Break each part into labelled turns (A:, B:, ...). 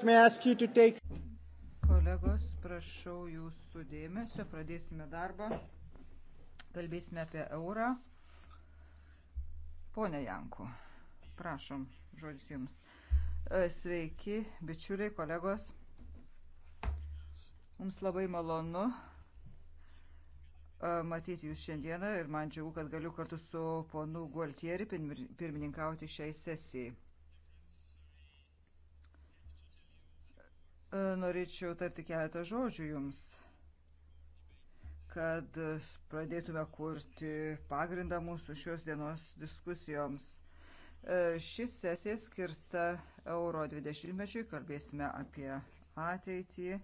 A: Kolegos,
B: prašau jūsų dėmesio, pradėsime darbą. Kalbėsime apie eurą. Pone Janku, prašom, žodis jums. E, sveiki, bičiuliai, kolegos. Mums labai malonu e, matyti jūs šiandieną ir man džiaugu, kad galiu kartu su ponu Gualtieri pirmininkauti šiai sesijai. E, norėčiau tarti keletą žodžių jums, kad pradėtume kurti pagrindą mūsų šios dienos diskusijoms. E, ši sesija skirta Euro 20-mečiui, kalbėsime apie ateitį.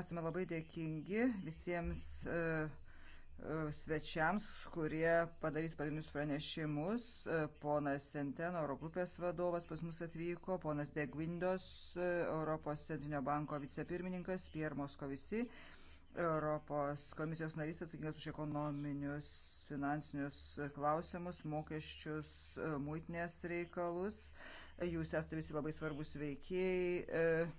B: Esame labai dėkingi visiems uh, E, svečiams, kurie padarys pagrindinius pranešimus. E, ponas Senteno, Eurogrupės vadovas pas mus atvyko, ponas Degvindos, e, Europos Centrinio banko vicepirmininkas, Pierre Moskovisi, Europos komisijos narys atsakingas už ekonominius, finansinius klausimus, mokesčius, muitinės reikalus. Jūs esate visi labai svarbus veikėjai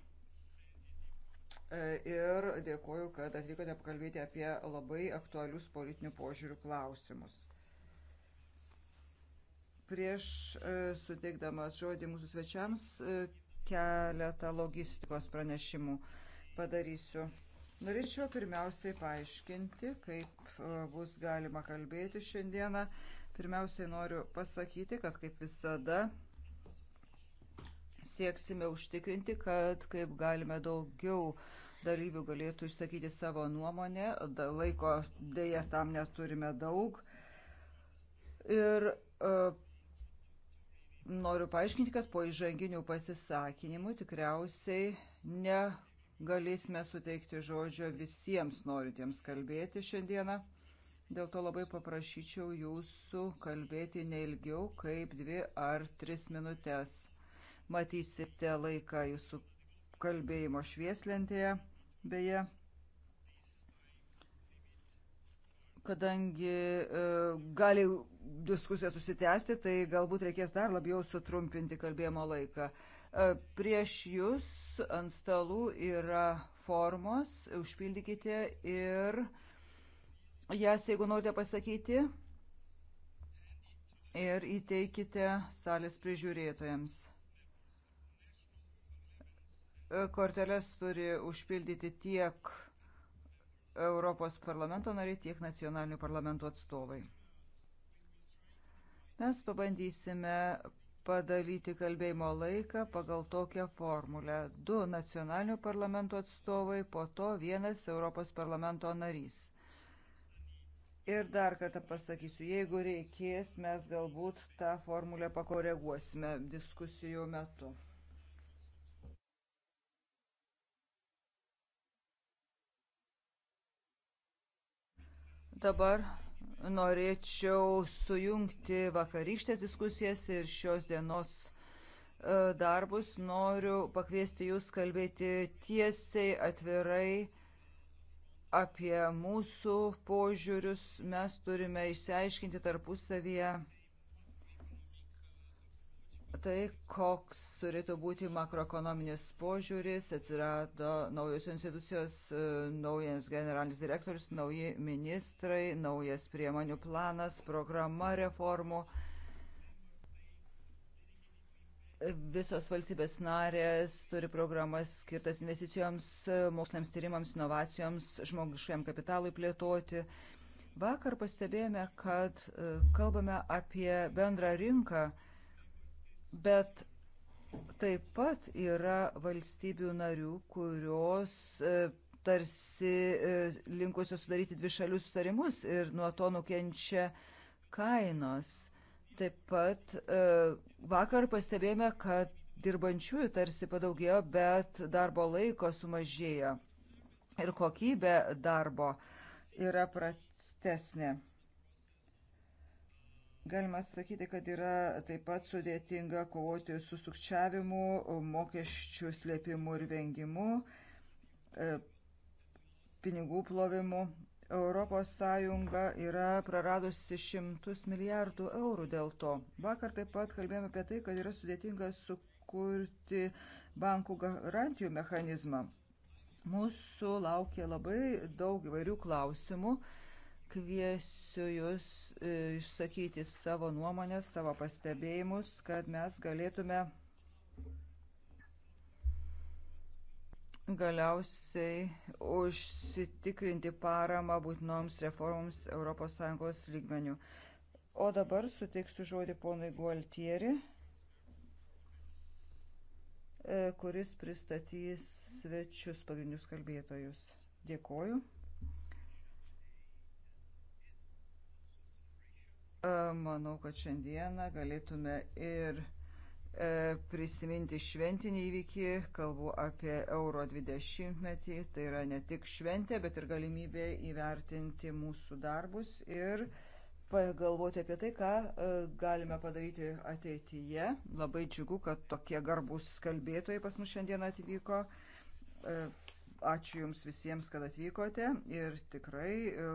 B: E, ir dėkuoju, kad atvykote apkalbėti apie labai aktualius politinių požiūrių klausimus. Prieš e, suteikdamas žodį mūsų svečiams e, keletą logistikos pranešimų padarysiu. Norėčiau pirmiausiai paaiškinti, kaip bus galima kalbėti šiandieną. Pirmiausiai noriu pasakyti, kad kaip visada sieksime užtikrinti, kad kaip galime daugiau dalyvių galėtų išsakyti savo nuomonę. Laiko dėja tam neturime daug. Ir uh, noriu paaiškinti, kad po įžanginių pasisakinimų tikriausiai negalėsime suteikti žodžio visiems norintiems kalbėti šiandieną. Dėl to labai paprašyčiau jūsų kalbėti neilgiau kaip dvi ar tris minutės matysite laiką jūsų kalbėjimo švieslentėje, beje, kadangi e, gali diskusija susitęsti, tai galbūt reikės dar labiau sutrumpinti kalbėjimo laiką. E, prieš jūs ant stalų yra formos, užpildykite ir jas, jeigu norite pasakyti, ir įteikite salės prižiūrėtojams. Korteles turi užpildyti tiek Europos parlamento nariai, tiek nacionalinių parlamentų atstovai. Mes pabandysime padalyti kalbėjimo laiką pagal tokią formulę. Du nacionalinių parlamento atstovai, po to vienas Europos parlamento narys. Ir dar kartą pasakysiu, jeigu reikės, mes galbūt tą formulę pakoreguosime diskusijų metu. Dabar norėčiau sujungti vakarykštės diskusijas ir šios dienos e, darbus. Noriu pakviesti Jūs kalbėti tiesiai, atvirai apie mūsų požiūrius. Mes turime išsiaiškinti tarpusavyje tai, koks turėtų būti makroekonominis požiūris, atsirado naujos institucijos, e, naujas generalinis direktorius, nauji ministrai, naujas priemonių planas, programa reformų. Visos valstybės narės turi programas skirtas investicijoms, moksliniams tyrimams, inovacijoms, žmogiškiam kapitalui plėtoti. Vakar pastebėjome, kad e, kalbame apie bendrą rinką Bet taip pat yra valstybių narių, kurios e, tarsi e, linkusios sudaryti dvi šalių sutarimus ir nuo to nukenčia kainos. Taip pat e, vakar pastebėjome, kad dirbančiųjų tarsi padaugėjo, bet darbo laiko sumažėjo ir kokybė darbo yra prastesnė. Galima sakyti, kad yra taip pat sudėtinga kovoti su sukčiavimu, mokesčių slėpimu ir vengimu, e, pinigų plovimu. Europos Sąjunga yra praradusi šimtus milijardų eurų dėl to. Vakar taip pat kalbėjome apie tai, kad yra sudėtinga sukurti bankų garantijų mechanizmą. Mūsų laukia labai daug įvairių klausimų kviesiu jūs e, išsakyti savo nuomonės, savo pastebėjimus, kad mes galėtume galiausiai užsitikrinti paramą būtinoms reformoms ES lygmenių. O dabar suteiksiu žodį ponui Gualtieri, e, kuris pristatys svečius pagrindinius kalbėtojus. Dėkoju. Manau, kad šiandieną galėtume ir e, prisiminti šventinį įvykį, kalbu apie Euro 20 metį, tai yra ne tik šventė, bet ir galimybė įvertinti mūsų darbus ir pagalvoti apie tai, ką e, galime padaryti ateityje. Labai džiugu, kad tokie garbus kalbėtojai pas mus šiandien atvyko. E, ačiū Jums visiems, kad atvykote ir tikrai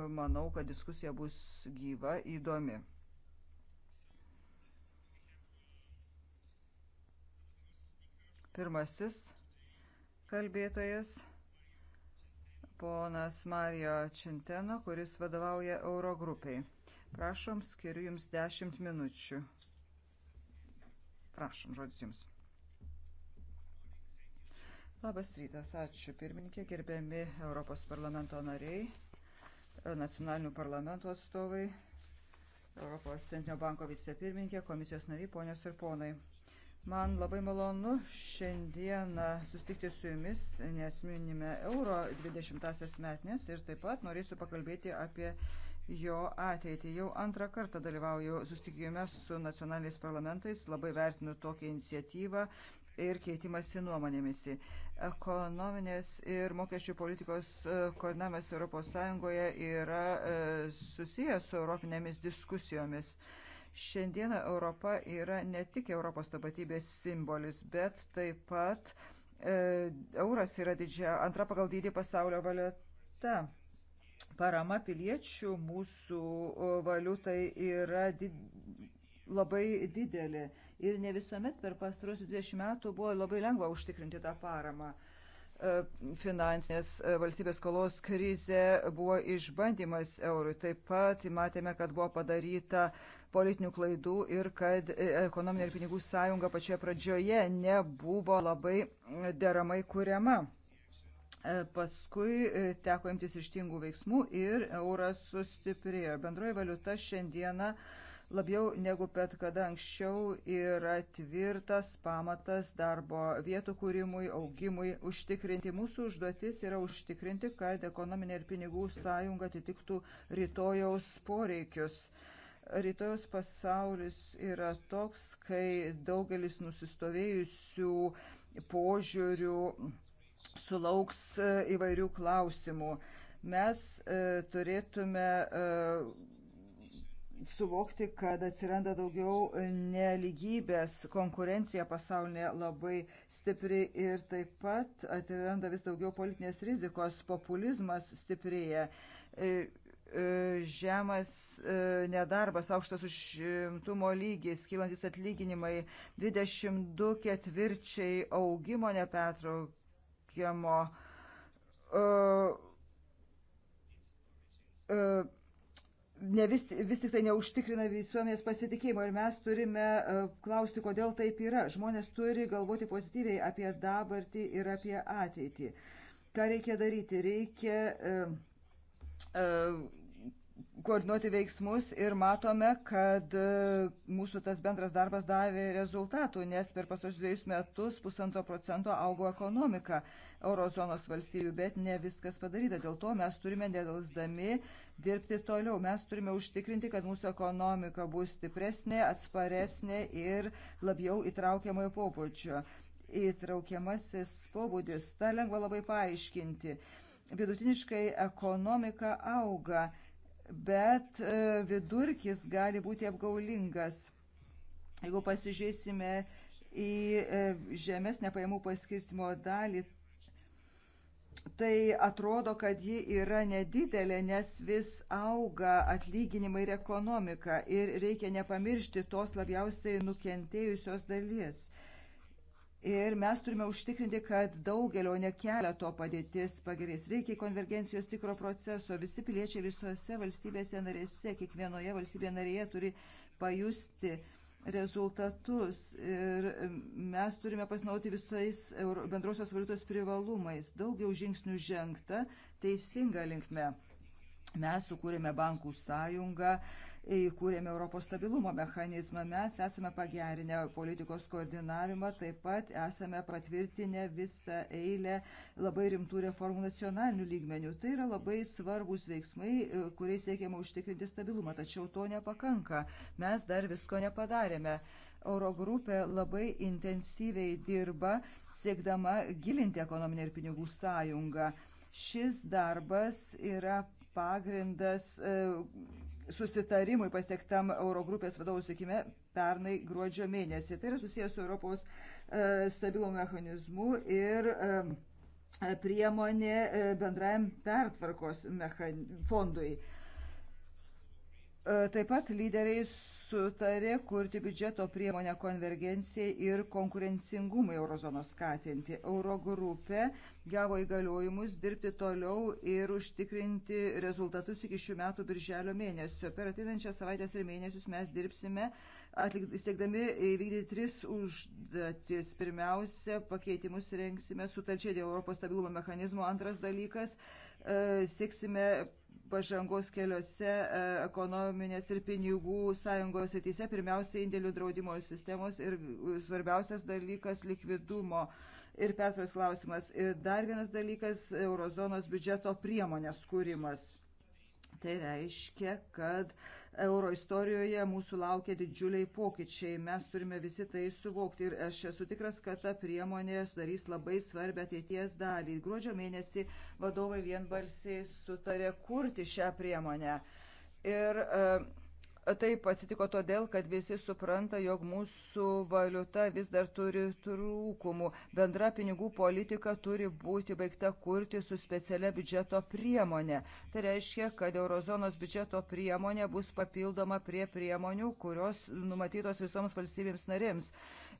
B: manau, kad diskusija bus gyva, įdomi. Pirmasis kalbėtojas ponas Mario Činteno, kuris vadovauja Eurogrupiai. Prašom, skiriu Jums 10 minučių. Prašom, žodis Jums. Labas rytas, ačiū pirmininkė, gerbiami Europos parlamento nariai, nacionalinių parlamentų atstovai, Europos Centrinio banko vicepirmininkė, komisijos nariai, ponios ir ponai. Man labai malonu šiandieną sustikti su jumis, nes minime euro 20-asias metnės ir taip pat norėsiu pakalbėti apie jo ateitį. Jau antrą kartą dalyvauju sustikime su nacionaliniais parlamentais, labai vertinu tokią iniciatyvą ir keitimasi nuomonėmis. Ekonominės ir mokesčių politikos e, koordinavimas ES yra e, susijęs su europinėmis diskusijomis. Šiandieną Europa yra ne tik Europos tapatybės simbolis, bet taip pat e, euras yra didžia, antra pagal dydį pasaulio valiuta. Parama piliečių mūsų valiutai yra did, labai didelė ir ne visuomet per pastarosius 20 metų buvo labai lengva užtikrinti tą paramą. E, E, finansinės e, valstybės skolos krizė buvo išbandymas eurui. Taip pat matėme, kad buvo padaryta politinių klaidų ir kad e, ekonominė ir pinigų sąjunga pačioje pradžioje nebuvo labai deramai kuriama. Paskui teko imtis ištingų veiksmų ir euras sustiprėjo. Bendroji valiuta šiandieną uh, labiau negu bet kada anksčiau yra tvirtas pamatas darbo vietų kūrimui, augimui užtikrinti. Mūsų užduotis yra užtikrinti, kad ekonominė ir pinigų sąjunga atitiktų rytojaus poreikius. Rytojos pasaulis yra toks, kai daugelis nusistovėjusių požiūrių sulauks e, įvairių klausimų mes e, turėtume e, suvokti, kad atsiranda daugiau neligybės, konkurencija pasaulyje labai stipri ir taip pat atsiranda vis daugiau politinės rizikos, populizmas stiprėja, e, e, žemas e, nedarbas, aukštas užimtumo lygis, kylantis atlyginimai, 22 ketvirčiai augimo nepertraukiamo. Uh, uh, ne vis, vis tik tai neužtikrina visuomenės pasitikėjimo ir mes turime e, klausti, kodėl taip yra. Žmonės turi galvoti pozityviai apie dabartį ir apie ateitį. Ką reikia daryti? Reikia uh, uh, koordinuoti veiksmus ir matome, kad e, mūsų tas bendras darbas davė rezultatų, nes per pasos dviejus metus pusantro procento augo ekonomika eurozonos valstybių, bet ne viskas padaryta. Dėl to mes turime nedalsdami dirbti toliau. Mes turime užtikrinti, kad mūsų ekonomika bus stipresnė, atsparesnė ir labiau įtraukiamojo pobūdžio. Įtraukiamasis pobūdis, tą lengva labai paaiškinti. Vidutiniškai ekonomika auga bet e, vidurkis gali būti apgaulingas. Jeigu pasižiūrėsime į e, žemesnę pajamų paskirstimo dalį, tai atrodo, kad ji yra nedidelė, nes vis auga atlyginimai ir ekonomika ir reikia nepamiršti tos labiausiai nukentėjusios dalies. Ir mes turime užtikrinti, kad daugelio nekeleto padėtis pagerės. Reikia konvergencijos tikro proceso. Visi piliečiai visose valstybėse narėse, kiekvienoje valstybėje narėje turi pajusti rezultatus. Ir mes turime pasinauti visais bendrosios valiutos privalumais. Daugiau žingsnių žengta teisinga linkme. Mes sukūrėme bankų sąjungą įkūrėme Europos stabilumo mechanizmą. Mes esame pagerinę politikos koordinavimą, taip pat esame patvirtinę visą eilę labai rimtų reformų nacionalinių lygmenių. Tai yra labai svarbus veiksmai, e, kuriais siekiama užtikrinti stabilumą, tačiau to nepakanka. Mes dar visko nepadarėme. Eurogrupė labai intensyviai dirba, siekdama gilinti ekonominę ir pinigų sąjungą. Šis darbas yra pagrindas e, susitarimui pasiektam Eurogrupės vadovų sutikime pernai gruodžio mėnesį. Tai yra susijęs su Europos e, stabilo mechanizmu ir e, e, priemonė bendrajam pertvarkos fondui. E, taip pat lyderiai sutarė kurti biudžeto priemonę konvergencijai ir konkurencingumui eurozonos skatinti. Eurogrupė gavo įgaliojimus dirbti toliau ir užtikrinti rezultatus iki šių metų birželio mėnesio. Per ateinančią savaitęs ir mėnesius mes dirbsime siekdami įvykdyti tris užduotis. Pirmiausia, pakeitimus rengsime sutarčiai dėl Europos stabilumo mechanizmo. Antras dalykas, e, sieksime pažangos keliuose e, ekonominės ir pinigų sąjungos ateise, pirmiausia, indėlių draudimo sistemos ir svarbiausias dalykas - likvidumo ir pertvaros klausimas. Ir dar vienas dalykas - eurozonos biudžeto priemonės kūrimas. Tai reiškia, kad uh, euro istorijoje mūsų laukia didžiuliai pokyčiai. Mes turime visi tai suvokti ir aš esu tikras, kad ta priemonė sudarys labai svarbę ateities dalį. Gruodžio mėnesį vadovai vienbalsiai sutarė kurti šią priemonę. Ir uh, Taip atsitiko todėl, kad visi supranta, jog mūsų valiuta vis dar turi trūkumų. Bendra pinigų politika turi būti baigta kurti su specialia biudžeto priemonė. Tai reiškia, kad eurozonos biudžeto priemonė bus papildoma prie priemonių, kurios numatytos visoms valstybėms narėms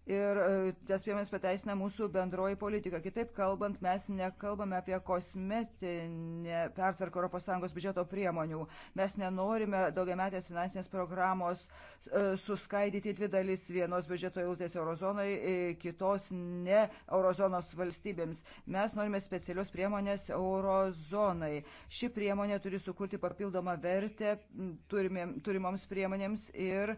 B: ir e, tas priemonės pateisina mūsų bendroji politika. Kitaip kalbant, mes nekalbame apie kosmetinę pertvarką ES biudžeto priemonių. Mes nenorime daugiametės finansinės programos e, suskaidyti dvi dalis vienos biudžeto eilutės eurozonai, e, kitos ne eurozonos valstybėms. Mes norime specialios priemonės eurozonai. Ši priemonė turi sukurti papildomą vertę turimoms priemonėms ir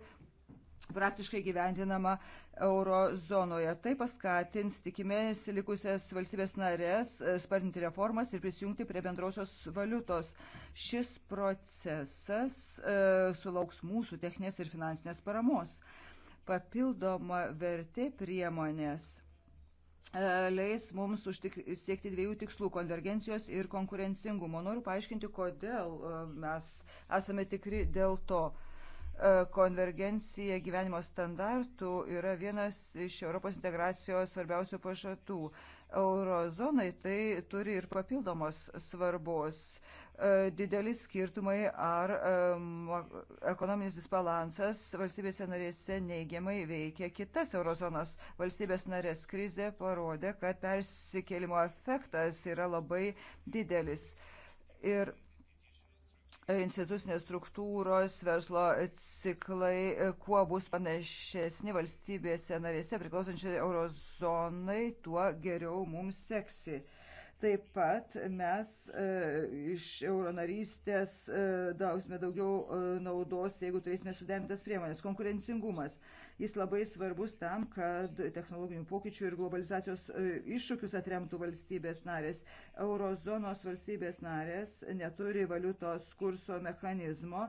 B: praktiškai gyvendinama eurozonoje. Tai paskatins, tikimės, likusias valstybės narės e, spartinti reformas ir prisijungti prie bendrosios valiutos. Šis procesas e, sulauks mūsų techninės ir finansinės paramos. Papildoma vertė priemonės e, leis mums užtik, siekti dviejų tikslų - konvergencijos ir konkurencingumo. Noriu paaiškinti, kodėl e, mes esame tikri dėl to. E, konvergencija gyvenimo standartų yra vienas iš Europos integracijos svarbiausių pažadų. Eurozonai tai turi ir papildomos svarbos. E, dideli skirtumai ar e, ekonominis disbalansas valstybėse narėse neigiamai veikia kitas eurozonos valstybės narės. Krize parodė, kad persikėlimo efektas yra labai didelis. Ir institucinės struktūros, verslo ciklai, kuo bus panašesni valstybėse narėse priklausančiai eurozonai, tuo geriau mums seksi. Taip pat mes e, iš euronarystės dausime e, daugiau e, naudos, jeigu turėsime suderintas priemonės. Konkurencingumas. Jis labai svarbus tam, kad technologinių pokyčių ir globalizacijos iššūkius atremtų valstybės narės. Eurozonos valstybės narės neturi valiutos kurso mechanizmo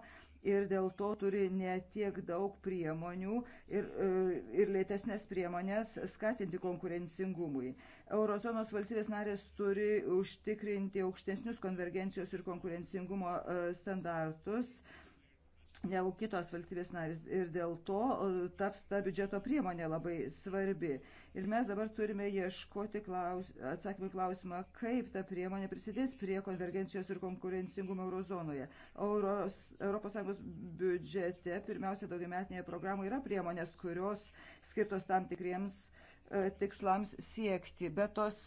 B: ir dėl to turi netiek daug priemonių ir, e, ir lėtesnės priemonės skatinti konkurencingumui. Eurozonos valstybės narės turi užtikrinti aukštesnius konvergencijos ir konkurencingumo e, standartus negu kitos valstybės narės. Ir dėl to e, taps ta biudžeto priemonė labai svarbi. Ir mes dabar turime ieškoti klaus, atsakymų klausimą, kaip ta priemonė prisidės prie konvergencijos ir konkurencingumo eurozonoje. Euros, ES biudžete, pirmiausia, daugiametinėje programoje yra priemonės, kurios skirtos tam tikriems e, tikslams siekti, bet tos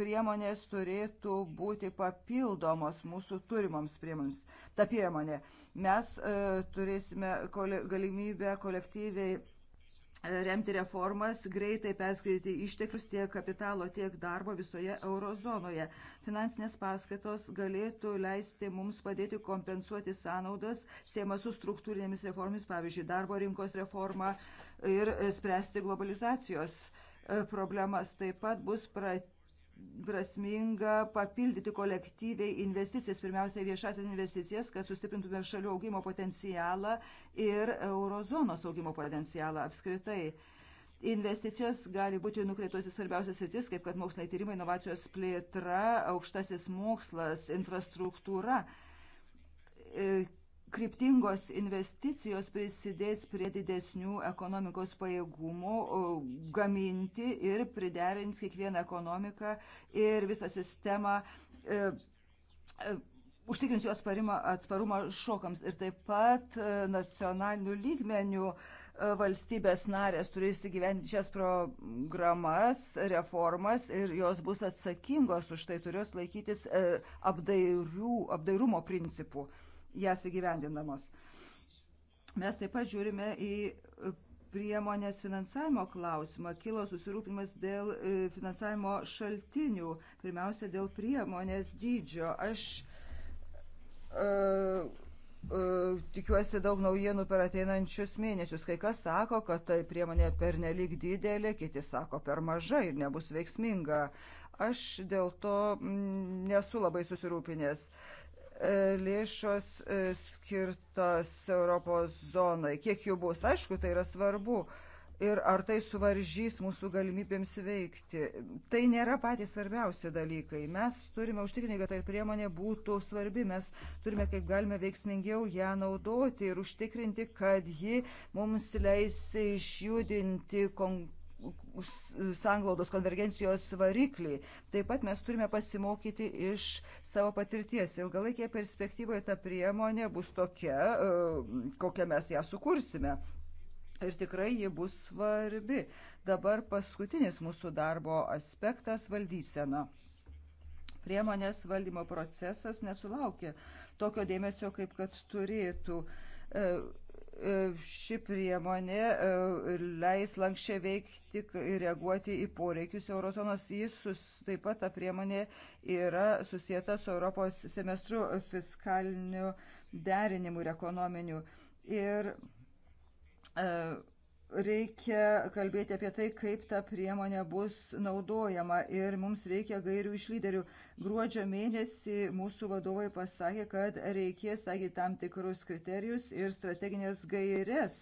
B: priemonės turėtų būti papildomos mūsų turimoms priemonėms. Ta priemonė. Mes e, turėsime kole, galimybę kolektyviai remti reformas, greitai perskaityti išteklius tiek kapitalo, tiek darbo visoje eurozonoje. Finansinės paskatos galėtų leisti mums padėti kompensuoti sąnaudas, siema su struktūrinėmis reformis, pavyzdžiui, darbo rinkos reforma ir e, spręsti globalizacijos e, problemas. Taip pat bus pratyti prasminga papildyti kolektyviai investicijas, pirmiausia viešasias investicijas, kad sustiprintume šalių augimo potencialą ir eurozonos augimo potencialą apskritai. Investicijos gali būti nukreiptos į svarbiausias rytis, kaip kad moksliniai tyrimai, inovacijos plėtra, aukštasis mokslas, infrastruktūra kryptingos investicijos prisidės prie didesnių ekonomikos pajėgumų gaminti ir priderins kiekvieną ekonomiką ir visą sistemą. E, e, Užtikrins jų atsparumą šokams ir taip pat e, nacionalinių lygmenių e, valstybės narės turės įgyventi šias programas, reformas ir jos bus atsakingos už tai turės laikytis e, apdairių, apdairumo principų jas įgyvendinamos. Mes taip pat žiūrime į e, priemonės finansavimo klausimą. Kilo susirūpinimas dėl e, finansavimo šaltinių, pirmiausia dėl priemonės dydžio. Aš uh, uh, tikiuosi daug naujienų per ateinančius mėnesius. Kai kas sako, kad tai priemonė per nelik didelė, kiti sako per maža ir nebus veiksminga. Aš dėl to mm, nesu labai susirūpinęs. E, lėšos e, skirtos Europos zonai. Kiek jų bus, aišku, tai yra svarbu. Ir ar tai suvaržys mūsų galimybėms veikti. Tai nėra patys svarbiausi dalykai. Mes turime užtikrinti, kad tai priemonė būtų svarbi. Mes turime kaip galime veiksmingiau ją naudoti ir užtikrinti, kad ji mums leis išjudinti konkursą sanglaudos konvergencijos variklį. Taip pat mes turime pasimokyti iš savo patirties. Ilgalaikėje perspektyvoje ta priemonė bus tokia, e, kokią mes ją sukursime. Ir tikrai ji bus svarbi. Dabar paskutinis mūsų darbo aspektas - valdysena. Priemonės valdymo procesas nesulaukė tokio dėmesio, kaip kad turėtų. E, E, ši priemonė e, leis lankščiai veikti ir reaguoti į poreikius eurozonos. Jis sus, taip pat ta priemonė yra susijęta su Europos semestru fiskaliniu derinimu ir ekonominiu. Ir e, reikia kalbėti apie tai, kaip ta priemonė bus naudojama ir mums reikia gairių iš lyderių. Gruodžio mėnesį mūsų vadovai pasakė, kad reikės taigi tam tikrus kriterijus ir strateginės gairės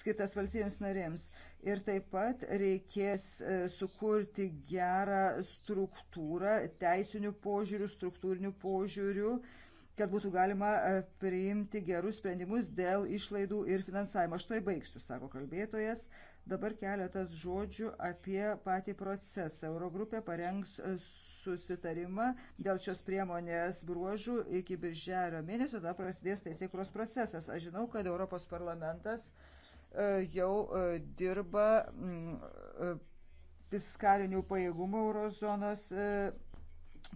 B: skirtas valstybėms narėms. Ir taip pat reikės e, sukurti gerą struktūrą, teisinių požiūrių, struktūrinių požiūrių, uh, kad būtų galima e, priimti gerus sprendimus dėl išlaidų ir finansavimo. Aš to įbaigsiu, sako kalbėtojas. Dabar keletas žodžių apie patį procesą. Eurogrupė parengs e, susitarimą dėl šios priemonės bruožų iki birželio mėnesio, tada prasidės teisėkuros procesas. Aš žinau, kad Europos parlamentas e, jau dirba fiskalinių pajėgumų eurozonos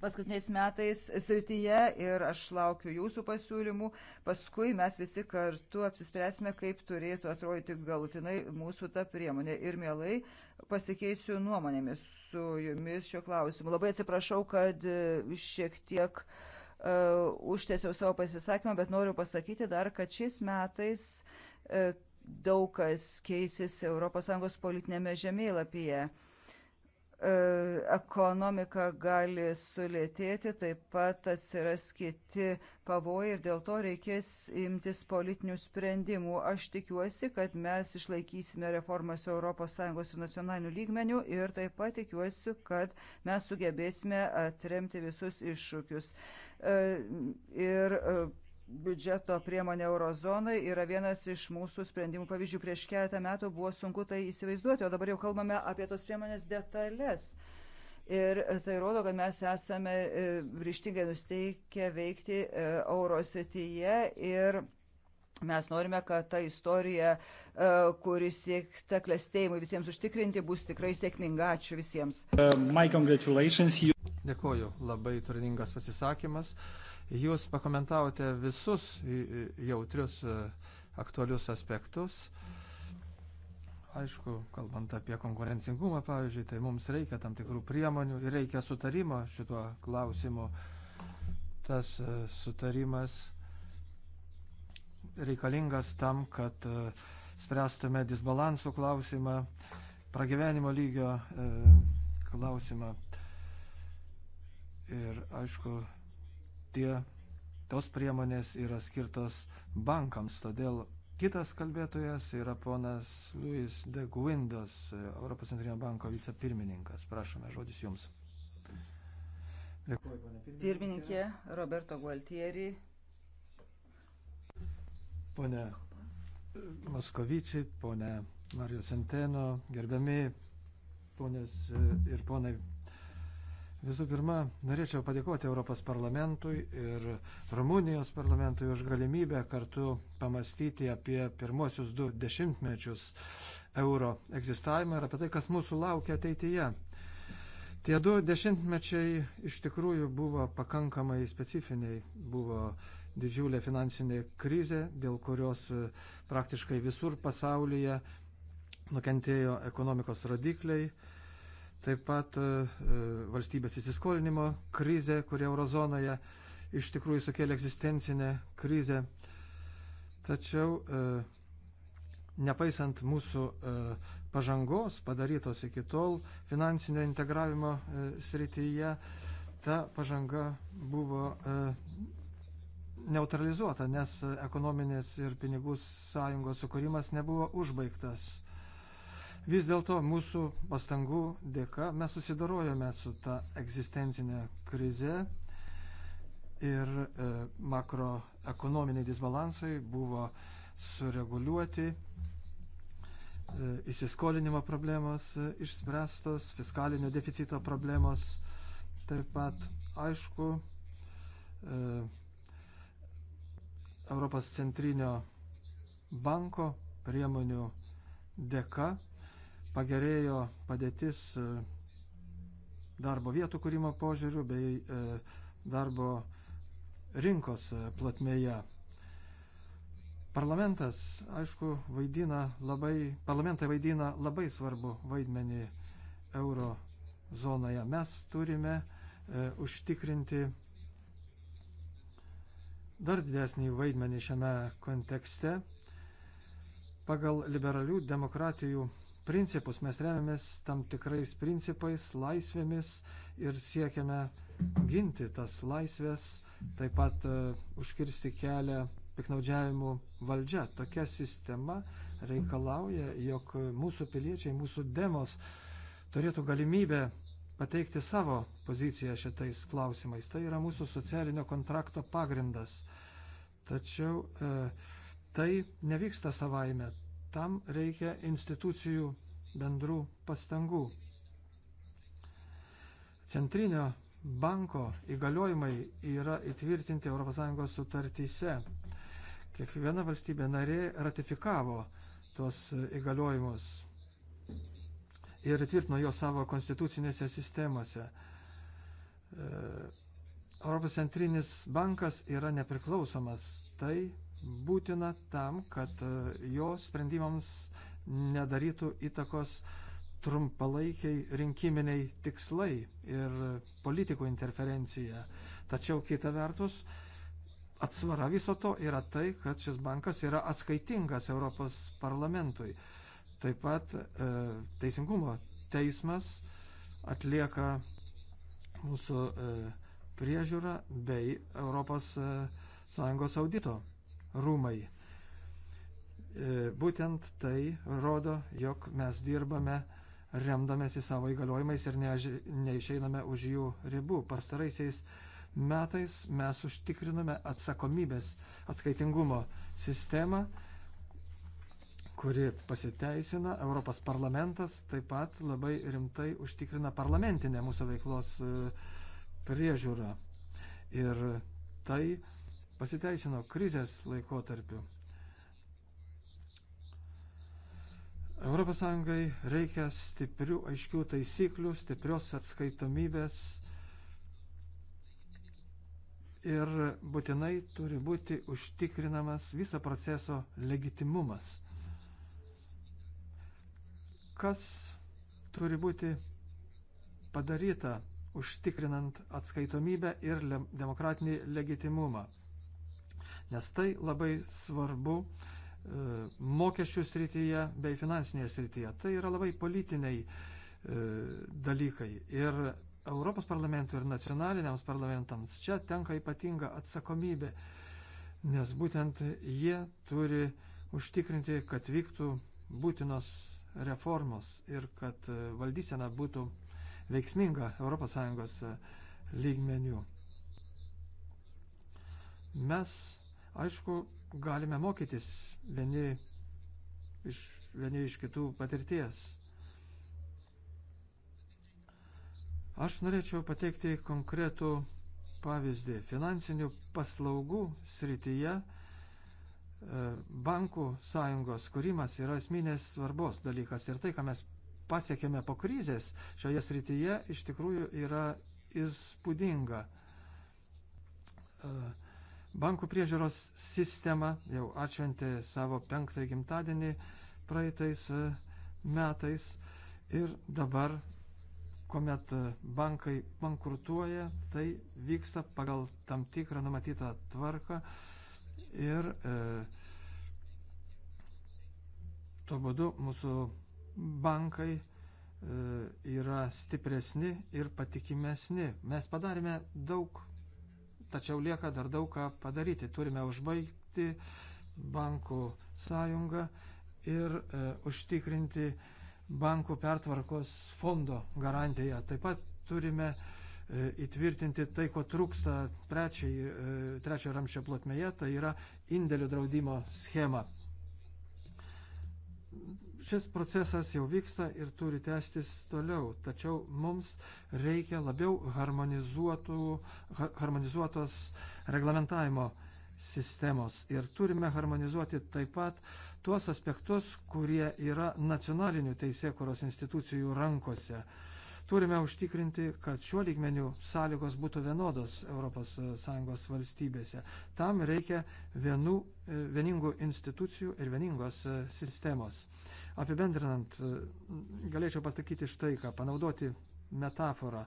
B: paskutiniais metais srityje ir aš laukiu jūsų pasiūlymų. Paskui mes visi kartu apsispręsime, kaip turėtų atrodyti galutinai mūsų ta priemonė. Ir mielai pasikeisiu nuomonėmis su jumis šiuo klausimu. Labai atsiprašau, kad e, šiek tiek uh, e, užtėsiau savo pasisakymą, bet noriu pasakyti dar, kad šiais metais uh, daug kas keisis ES politinėme žemėlapyje. Uh, E, ekonomika gali sulėtėti, taip pat atsiras kiti pavojai ir dėl to reikės imtis politinių sprendimų. Aš tikiuosi, kad mes išlaikysime reformas ES ir nacionalinių lygmenių ir taip pat tikiuosi, kad mes sugebėsime atremti visus iššūkius. E, ir e, biudžeto priemonė eurozonai yra vienas iš mūsų sprendimų pavyzdžių. Prieš keletą metų buvo sunku tai įsivaizduoti, o dabar jau kalbame apie tos priemonės detalės. Ir tai rodo, kad mes esame e, ryštingai nusteikę veikti e, eurosityje ir mes norime, kad ta istorija, e, kuris siekta klestėjimui visiems užtikrinti, bus tikrai sėkminga. Ačiū visiems.
C: Uh, Dėkuoju, labai turiningas pasisakymas. Jūs pakomentavote visus jautrius e, aktualius aspektus. Aišku, kalbant apie konkurencingumą, pavyzdžiui, tai mums reikia tam tikrų priemonių ir reikia sutarimo šituo klausimu. Tas e, sutarimas reikalingas tam, kad e, spręstume disbalansų klausimą, pragyvenimo lygio klausimą. Ir aišku, tie, tos priemonės yra skirtos bankams. Todėl kitas kalbėtojas yra ponas Luis de Guindos, Europos centrinio banko vicepirmininkas. Prašome, žodis jums.
B: Dėkuoju, ponė pirmininkė. Pirmininkė Roberto Gualtieri.
C: Pone Moskovičiai, pone Mario Centeno, gerbiami ponės ir ponai Visų pirma, norėčiau padėkoti Europos parlamentui ir Rumunijos parlamentui už galimybę kartu pamastyti apie pirmosius du dešimtmečius euro egzistavimą ir apie tai, kas mūsų laukia ateityje. Tie du dešimtmečiai iš tikrųjų buvo pakankamai specifiniai, buvo didžiulė finansinė krizė, dėl kurios e, praktiškai visur pasaulyje nukentėjo ekonomikos rodikliai, Taip pat e, e, valstybės įsiskolinimo krizė, kuri eurozonoje iš tikrųjų sukėlė egzistencinę krizę. Tačiau e, nepaisant mūsų pažangos padarytos iki tol finansinio integravimo srityje, ta pažanga buvo neutralizuota, nes ekonominės ir pinigų sąjungos sukūrimas nebuvo užbaigtas. Vis dėlto mūsų pastangų dėka mes susidarojame su ta egzistencinė krize ir e, makroekonominiai disbalansai buvo sureguliuoti, e, įsiskolinimo problemos e, išspręstos, fiskalinio deficito problemos taip pat aišku. E, Europos centrinio banko priemonių dėka pagerėjo padėtis e, darbo vietų kūrimo požiūrių bei e, darbo rinkos e, platmėje. Parlamentas, aišku, vaidina labai, parlamentai vaidina labai svarbu vaidmenį euro zonoje. Mes turime e, užtikrinti dar didesnį vaidmenį šiame kontekste. Pagal liberalių demokratijų principus. Mes remiamės tam tikrais principais, laisvėmis ir siekiame ginti tas laisvės, taip pat uh, užkirsti kelią piknaudžiavimų valdžia. Tokia sistema reikalauja, jog mūsų piliečiai, mūsų demos turėtų galimybę pateikti savo poziciją šitais klausimais. Tai yra mūsų socialinio kontrakto pagrindas. Tačiau e, tai nevyksta savaime. Tam reikia institucijų bendrų pastangų. Centrinio banko įgaliojimai yra įtvirtinti ES sutartyse. Kiekviena valstybė narė ratifikavo tuos įgaliojimus ir įtvirtino juos savo konstitucinėse sistemose. E, Europos centrinis bankas yra nepriklausomas. Tai būtina tam, kad e, jo sprendimams nedarytų įtakos trumpalaikiai rinkiminiai tikslai ir politikų interferencija. Tačiau kita vertus, atsvara viso to yra tai, kad šis bankas yra atskaitingas Europos parlamentui. Taip pat e, Teisingumo teismas atlieka mūsų e, priežiūrą bei Europos e, Sąjungos audito rūmai. E, būtent tai rodo, jog mes dirbame remdamėsi savo įgaliojimais ir neišeiname už jų ribų. Pastaraisiais metais mes užtikrinome atsakomybės atskaitingumo sistemą, kuri pasiteisina. Europos parlamentas taip pat labai rimtai užtikrina parlamentinę mūsų veiklos e, priežiūrą. Ir tai pasiteisino krizės laikotarpiu. ES reikia stiprių, aiškių taisyklių, stiprios atskaitomybės ir būtinai turi būti užtikrinamas viso proceso legitimumas. Kas turi būti padaryta užtikrinant atskaitomybę ir le demokratinį legitimumą? nes tai labai svarbu e, mokesčių srityje bei finansinėje srityje. Tai yra labai politiniai e, dalykai. Ir Europos parlamentui ir nacionaliniams parlamentams čia tenka ypatinga atsakomybė, nes būtent jie turi užtikrinti, kad vyktų būtinos reformos ir kad e, valdysena būtų veiksminga ES lygmenių. Mes Aišku, galime mokytis vieni iš, vieni iš kitų patirties. Aš norėčiau pateikti konkretų pavyzdį. Finansinių paslaugų srityje e, bankų sąjungos kūrimas yra esminės svarbos dalykas ir tai, ką mes pasiekėme po krizės šioje srityje, iš tikrųjų yra įspūdinga. Uh, Bankų priežiūros sistema jau atšventė savo penktąjį gimtadienį praeitais e, metais ir dabar, kuomet e, bankai bankrutuoja, tai vyksta pagal tam tikrą numatytą tvarką ir e, tuo būdu mūsų bankai e, yra stipresni ir patikimesni. Mes padarėme daug tačiau lieka dar daug ką padaryti. Turime užbaigti bankų sąjungą ir e, užtikrinti bankų pertvarkos fondo garantiją. Taip pat turime e, įtvirtinti tai, ko trūksta trečiai, e, trečio ramščio plotmėje, tai yra indėlių draudimo schema Šis procesas jau vyksta ir turi tęstis toliau, tačiau mums reikia labiau harmonizuotos reglamentavimo sistemos ir turime harmonizuoti taip pat tuos aspektus, kurie yra nacionalinių teisėkuros institucijų rankose. Turime užtikrinti, kad šiuo lygmeniu sąlygos būtų vienodos ES e, valstybėse. Tam reikia vienų, e, vieningų institucijų ir vieningos e, sistemos. Apibendrinant, galėčiau pasakyti štai ką, panaudoti metaforą.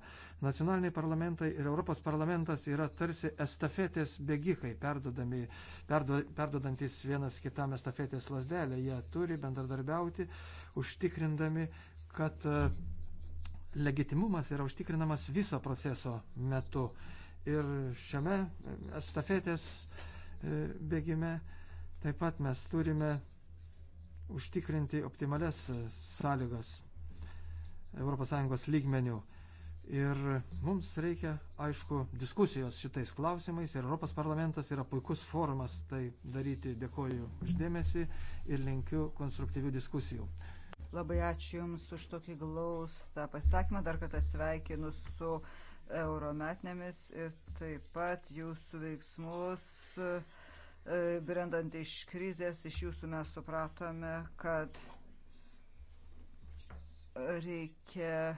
C: Nacionaliniai parlamentai ir Europos parlamentas yra tarsi estafetės bėgikai, perdu, perduodantis vienas kitam estafetės lasdelę. Jie turi bendradarbiauti, užtikrindami, kad e, legitimumas yra užtikrinamas viso proceso metu. Ir šiame estafetės e, bėgime taip pat mes turime užtikrinti optimales sąlygas ES lygmenių. Ir mums reikia, aišku, diskusijos šitais klausimais ir Europos parlamentas yra puikus forumas tai daryti. Dėkoju uždėmesi ir linkiu konstruktyvių diskusijų.
B: Labai ačiū Jums už tokį glaustą pasakymą. Dar kartą sveikinu su eurometnėmis ir taip pat jūsų veiksmus. Uh, E, brendant iš krizės, iš jūsų mes supratome, kad reikia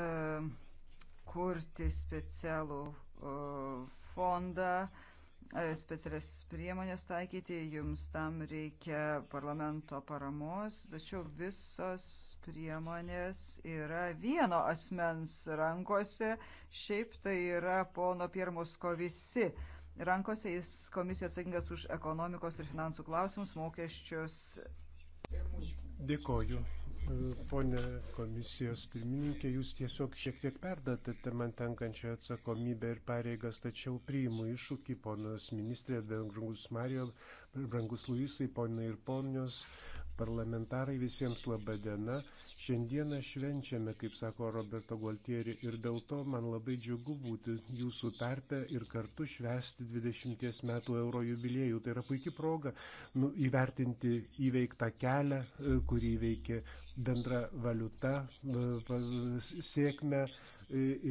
B: e, kurti specialų e, fondą, specialias priemonės taikyti, jums tam reikia parlamento paramos, tačiau visos priemonės yra vieno asmens rankose, šiaip tai yra pono Pirmusko visi rankose. Jis komisijos atsakingas už ekonomikos ir finansų klausimus, mokesčius.
A: Dėkoju. Pone komisijos pirmininkė, jūs tiesiog šiek tiek perdatate man tenkančią atsakomybę ir pareigas, tačiau priimu iššūkį, ponas ministrė, brangus Mario, brangus Luisai, ponai ir ponios, parlamentarai, visiems laba diena. Šiandieną švenčiame, kaip sako Roberto Gualtieri, ir dėl to man labai džiugu būti jūsų tarpe ir kartu švęsti 20 metų euro jubiliejų. Tai yra puikia proga nu, įvertinti įveiktą kelią, e, kurį įveikė bendra valiuta, e, sėkmę e,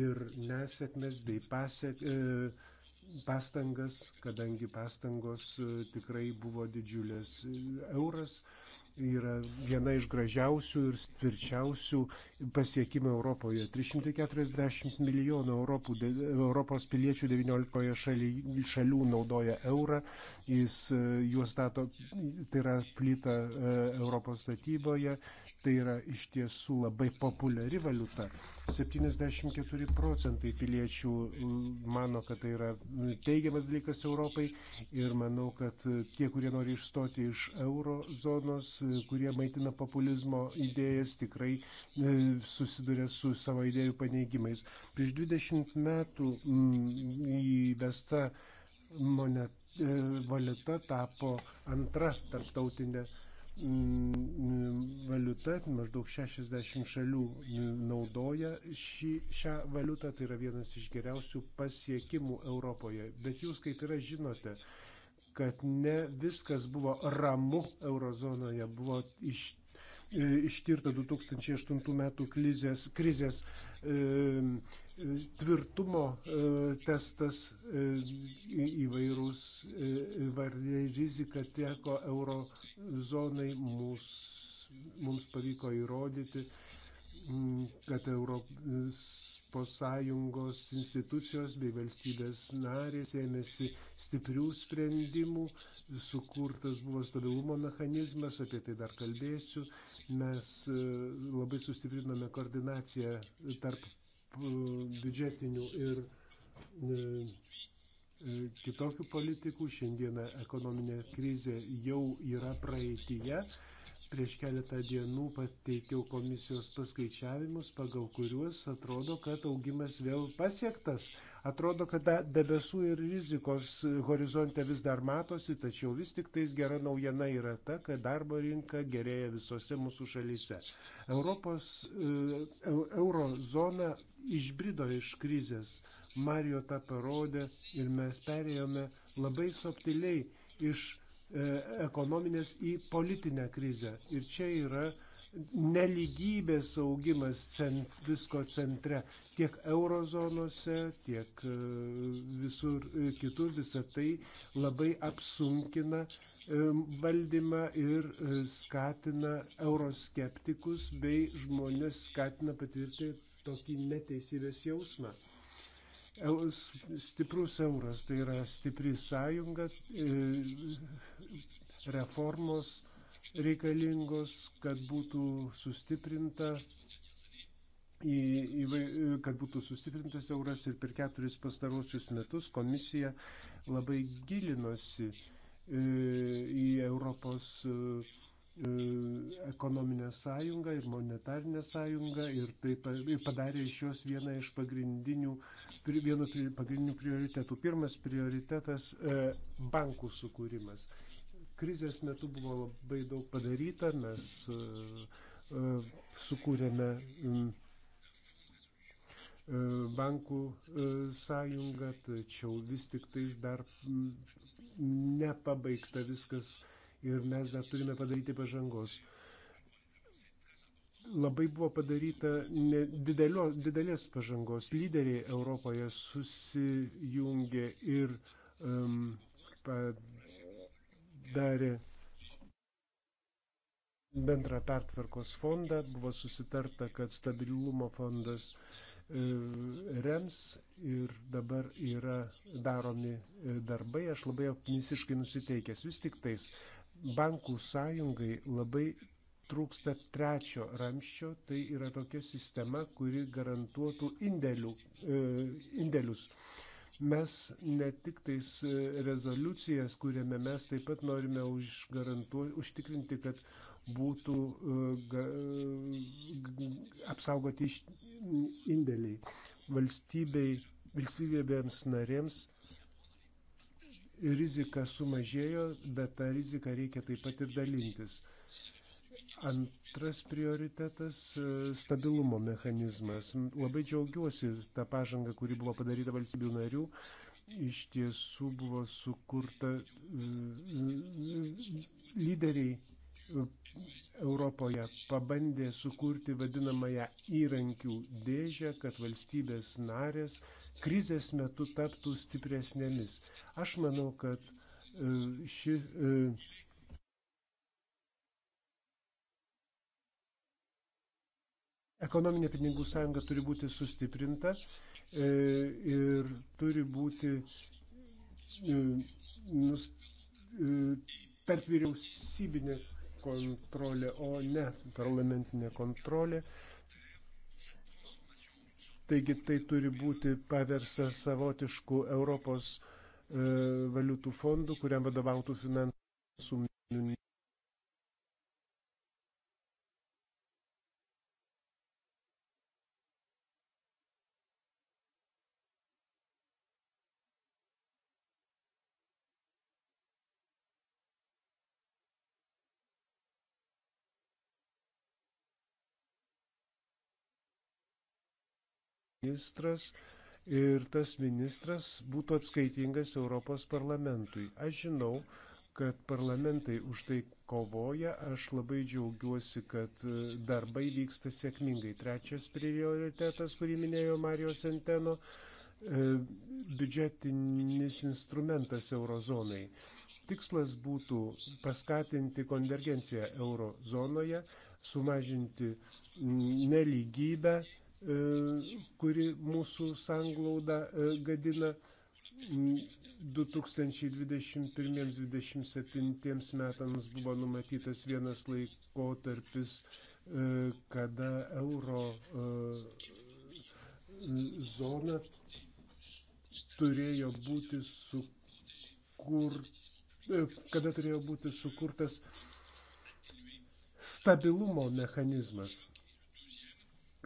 A: ir nesėkmės bei pasiek, pastangas, kadangi pastangos tikrai buvo didžiulės euras yra viena iš gražiausių ir tvirčiausių pasiekimų Europoje. 340 milijonų Europų, Europos piliečių 19 šaly, šalių naudoja eurą, jis e, juos stato, tai yra plyta e, Europos statyboje. Tai yra iš tiesų labai populiari valiuta. 74 procentai piliečių mano, kad tai yra teigiamas dalykas Europai ir manau, kad tie, kurie nori išstoti iš euro zonos, kurie maitina populizmo idėjas, tikrai e, susiduria su savo idėjų paneigimais. Prieš 20 metų įvesta monet, e, valiuta tapo antra tarptautinė valiuta Mm, valiuta, maždaug 60 šalių naudoja šį, šią valiutą, tai yra vienas iš geriausių pasiekimų Europoje. Bet jūs kaip yra žinote, kad ne viskas buvo ramu eurozonoje, buvo iš, ištirta 2008 metų krizės, krizės e, tvirtumo e, testas e, įvairūs e, įvardė rizika teko eurozonai, mums, mums pavyko įrodyti, kad Europos Sąjungos institucijos bei valstybės narės ėmėsi stiprių sprendimų, sukurtas buvo stabilumo mechanizmas, apie tai dar kalbėsiu, mes labai sustiprinome koordinaciją tarp Mm, biudžetinių ir e, e, kitokių politikų. Šiandieną ekonominė krizė jau yra praeitie. Prieš keletą dienų pateikiau komisijos paskaičiavimus, pagal kuriuos atrodo, kad augimas vėl pasiektas. Atrodo, kad debesų ir rizikos horizonte vis dar matosi, tačiau vis tik tais gera naujiena yra ta, kad darbo rinka gerėja visose mūsų šalyse. Europos e, eurozona išbrido iš krizės. Mario tą parodė ir mes perėjome labai subtiliai iš e, ekonominės į politinę krizę. Ir čia yra neligybės augimas cent, visko centre, tiek eurozonose, tiek e, visur kitur visą tai labai apsunkina uh, valdymą ir e, skatina euroskeptikus bei žmonės skatina patirti tokį neteisybės jausmą. Eus, stiprus euras tai yra stipri sąjunga, e, reformos reikalingos, kad būtų sustiprinta į, į, kad būtų sustiprintas euras ir per keturis pastarosius metus komisija labai gilinosi uh, E, į Europos e, e, ekonominę sąjungą ir monetarinę sąjungą ir tai padarė iš jos vieną iš pagrindinių, vieno pagrindinių prioritetų. Pirmas prioritetas - bankų sukūrimas. Krizės metu buvo labai daug padaryta, mes sukūrėme bankų sąjungą, tačiau vis tik tais dar nepabaigta viskas ir mes dar turime padaryti pažangos. Labai buvo padaryta didelio, didelės pažangos. Lyderiai Europoje susijungė ir um, padarė bendrą pertvarkos fondą. Buvo susitarta, kad stabilumo fondas uh, E, rems ir dabar yra daromi e, darbai. Aš labai optimistiškai nusiteikęs. Vis tik tais bankų sąjungai labai trūksta trečio ramščio, tai yra tokia sistema, kuri garantuotų indėlių, e, indėlius. Mes ne tik tais rezoliucijas, kuriame mes taip pat norime užtikrinti, kad būtų e, e, apsaugoti indėliai. Valstybei, valstybėms narėms rizika sumažėjo, bet tą riziką reikia taip pat ir dalintis. Antras prioritetas - e, stabilumo mechanizmas. Labai džiaugiuosi tą pažangą, kuri buvo padaryta valstybių narių. Iš tiesų buvo sukurta lyderiai Europoje pabandė sukurti vadinamąją įrankių dėžę, kad valstybės narės krizės metu taptų stipresnėmis. Aš manau, kad e, ši. E, ekonominė pinigų sąjunga turi būti sustiprinta e, ir turi būti nus, tarp vyriausybinė kontrolė, o ne parlamentinė kontrolė. Taigi tai turi būti paversa savotiškų Europos e, valiutų fondų, kuriam vadovautų finansų ministras ir tas ministras būtų atskaitingas Europos parlamentui. Aš žinau, kad parlamentai už tai kovoja, aš labai džiaugiuosi, kad e, darbai vyksta sėkmingai. Trečias prioritetas, kurį minėjo Marijos Anteno, e, biudžetinis instrumentas eurozonai. Tikslas būtų paskatinti konvergenciją eurozonoje, sumažinti nelygybę E, kuri mūsų sanglaudą e, gadina 2021-2027 metams buvo numatytas vienas laikotarpis, e, kada euro zona turėjo būti sukurta kada turėjo būti sukurtas stabilumo mechanizmas.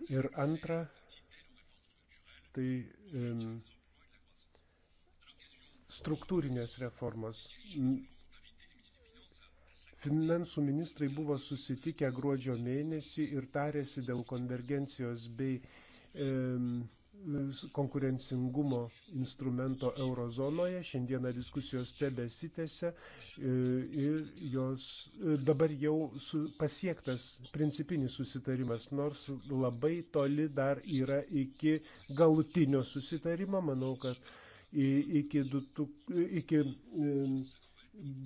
A: Ir antra, tai um, struktūrinės reformos. Finansų ministrai buvo susitikę gruodžio mėnesį ir tarėsi dėl konvergencijos bei um, konkurencingumo instrumento eurozonoje. Šiandieną diskusijos tebesitėse e, ir jos e, dabar jau su, pasiektas principinis susitarimas, nors labai toli dar yra iki galutinio susitarimo. Manau, kad iki, du, iki e,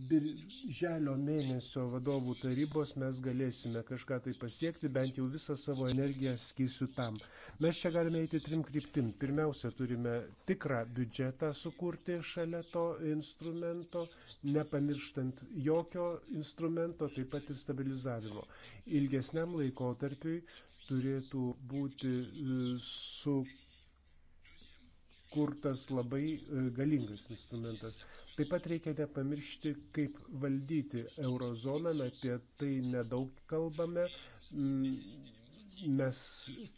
A: birželio mėnesio vadovų tarybos mes galėsime kažką tai pasiekti, bent jau visą savo energiją skirsiu tam. Mes čia galime eiti trim kryptim. Pirmiausia, turime tikrą biudžetą sukurti šalia to instrumento, nepamirštant jokio instrumento, taip pat ir stabilizavimo. Ilgesniam laikotarpiui turėtų būti e, sukurtas labai e, galingas instrumentas. Taip pat reikia nepamiršti, kaip valdyti eurozoną, apie tai nedaug kalbame. Mm, mes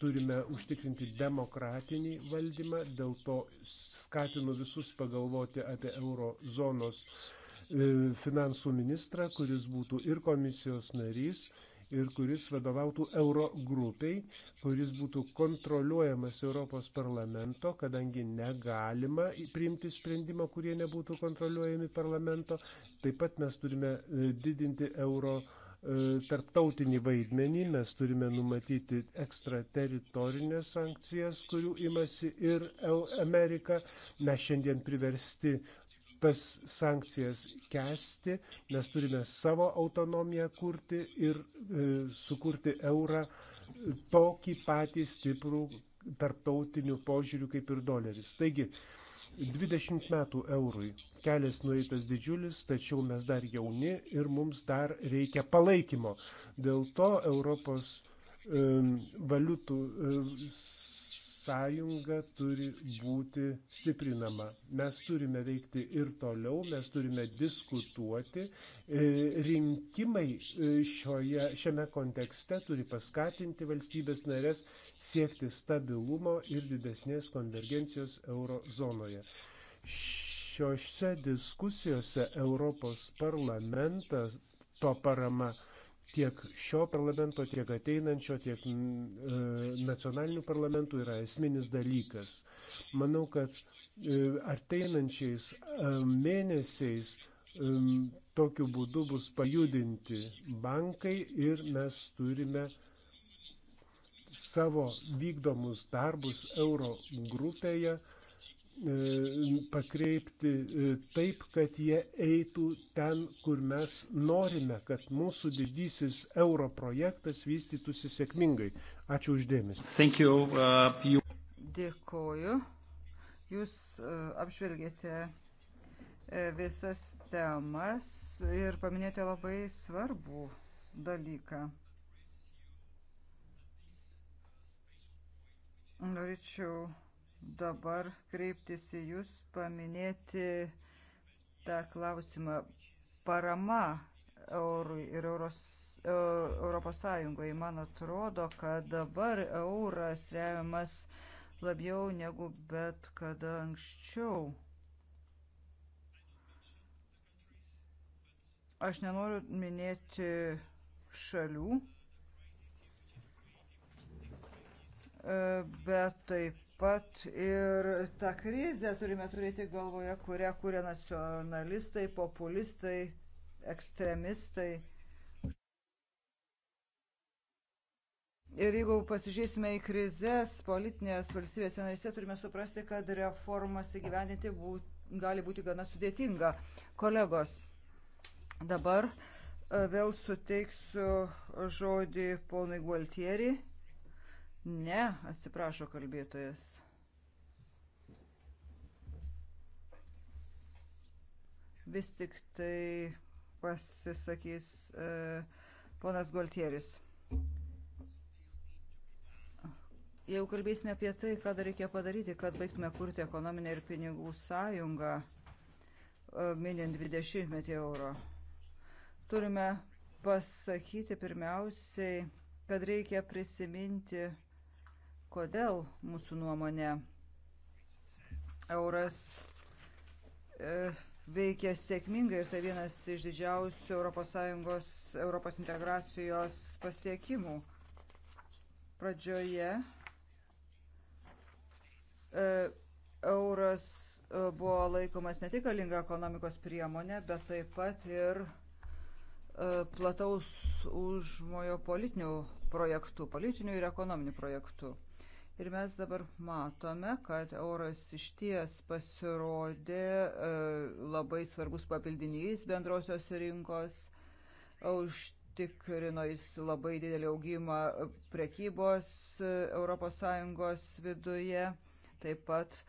A: turime užtikrinti demokratinį valdymą, dėl to skatinu visus pagalvoti apie eurozonos e, finansų ministrą, kuris būtų ir komisijos narys, ir kuris vadovautų Eurogrupiai, kuris būtų kontroliuojamas Europos parlamento, kadangi negalima priimti sprendimo, kurie nebūtų kontroliuojami parlamento. Taip pat mes turime e, didinti euro e, tarptautinį vaidmenį, mes turime numatyti ekstrateritorinės sankcijas, kurių imasi ir Amerika. Mes šiandien priversti tas sankcijas kesti, mes turime savo autonomiją kurti ir e, sukurti eurą tokį patį stiprų tarptautinių požiūrių kaip ir doleris. Taigi, 20 metų eurui kelias nueitas didžiulis, tačiau mes dar jauni ir mums dar reikia palaikymo. Dėl to Europos e, valiutų e, sąjunga turi būti stiprinama. Mes turime veikti ir toliau, mes turime diskutuoti. E, rinkimai e, šioje, šiame kontekste turi paskatinti valstybės narės siekti stabilumo ir didesnės konvergencijos eurozonoje. Šiuose diskusijose Europos parlamentas to parama tiek šio parlamento, tiek ateinančio, tiek e, nacionalinių parlamentų yra esminis dalykas. Manau, kad e, ateinančiais e, mėnesiais tokiu būdu bus pajudinti bankai ir mes turime savo vykdomus darbus euro grupėje E, pakreipti e, taip, kad jie eitų ten, kur mes norime, kad mūsų didysis euro projektas vystytųsi sėkmingai. Ačiū uždėmesi. You, uh, you... Dėkoju.
B: Jūs uh, apžvelgėte visas temas ir paminėjote labai svarbų dalyką. Norėčiau dabar kreiptis į Jūs paminėti tą klausimą parama eurui ir Euros, e, Europos Sąjungoje. Man atrodo, kad dabar euras remiamas labiau negu bet kada anksčiau. Aš nenoriu minėti šalių, e, bet taip pat ir tą krizę turime turėti galvoje, kurią kūrė nacionalistai, populistai, ekstremistai. Ir jeigu pasižiūrėsime į krizės politinės valstybės narise, turime suprasti, kad reformas įgyvendinti būt, gali būti gana sudėtinga. Kolegos, dabar e, vėl suteiksiu žodį ponui Gualtieriui. Ne, atsiprašo kalbėtojas. Vis tik tai pasisakys uh, ponas Goltieris. Jeigu kalbėsime apie tai, ką dar reikia padaryti, kad baigtume kurti ekonominę ir pinigų sąjungą, e, minint 20-metį euro, turime pasakyti pirmiausiai, kad reikia prisiminti kodėl mūsų nuomonė euras e, veikia sėkmingai ir tai vienas iš didžiausių ES Europos integracijos pasiekimų. Pradžioje e, euras e, buvo laikomas ne tik galinga ekonomikos priemonė, bet taip pat ir e, plataus užmojo politinių projektų, politinių ir ekonominių projektų. Ir mes dabar matome, kad euras iš ties pasirodė e, labai svarbus papildinys bendrosios rinkos, užtikrino jis labai didelį augimą prekybos ES viduje. Taip pat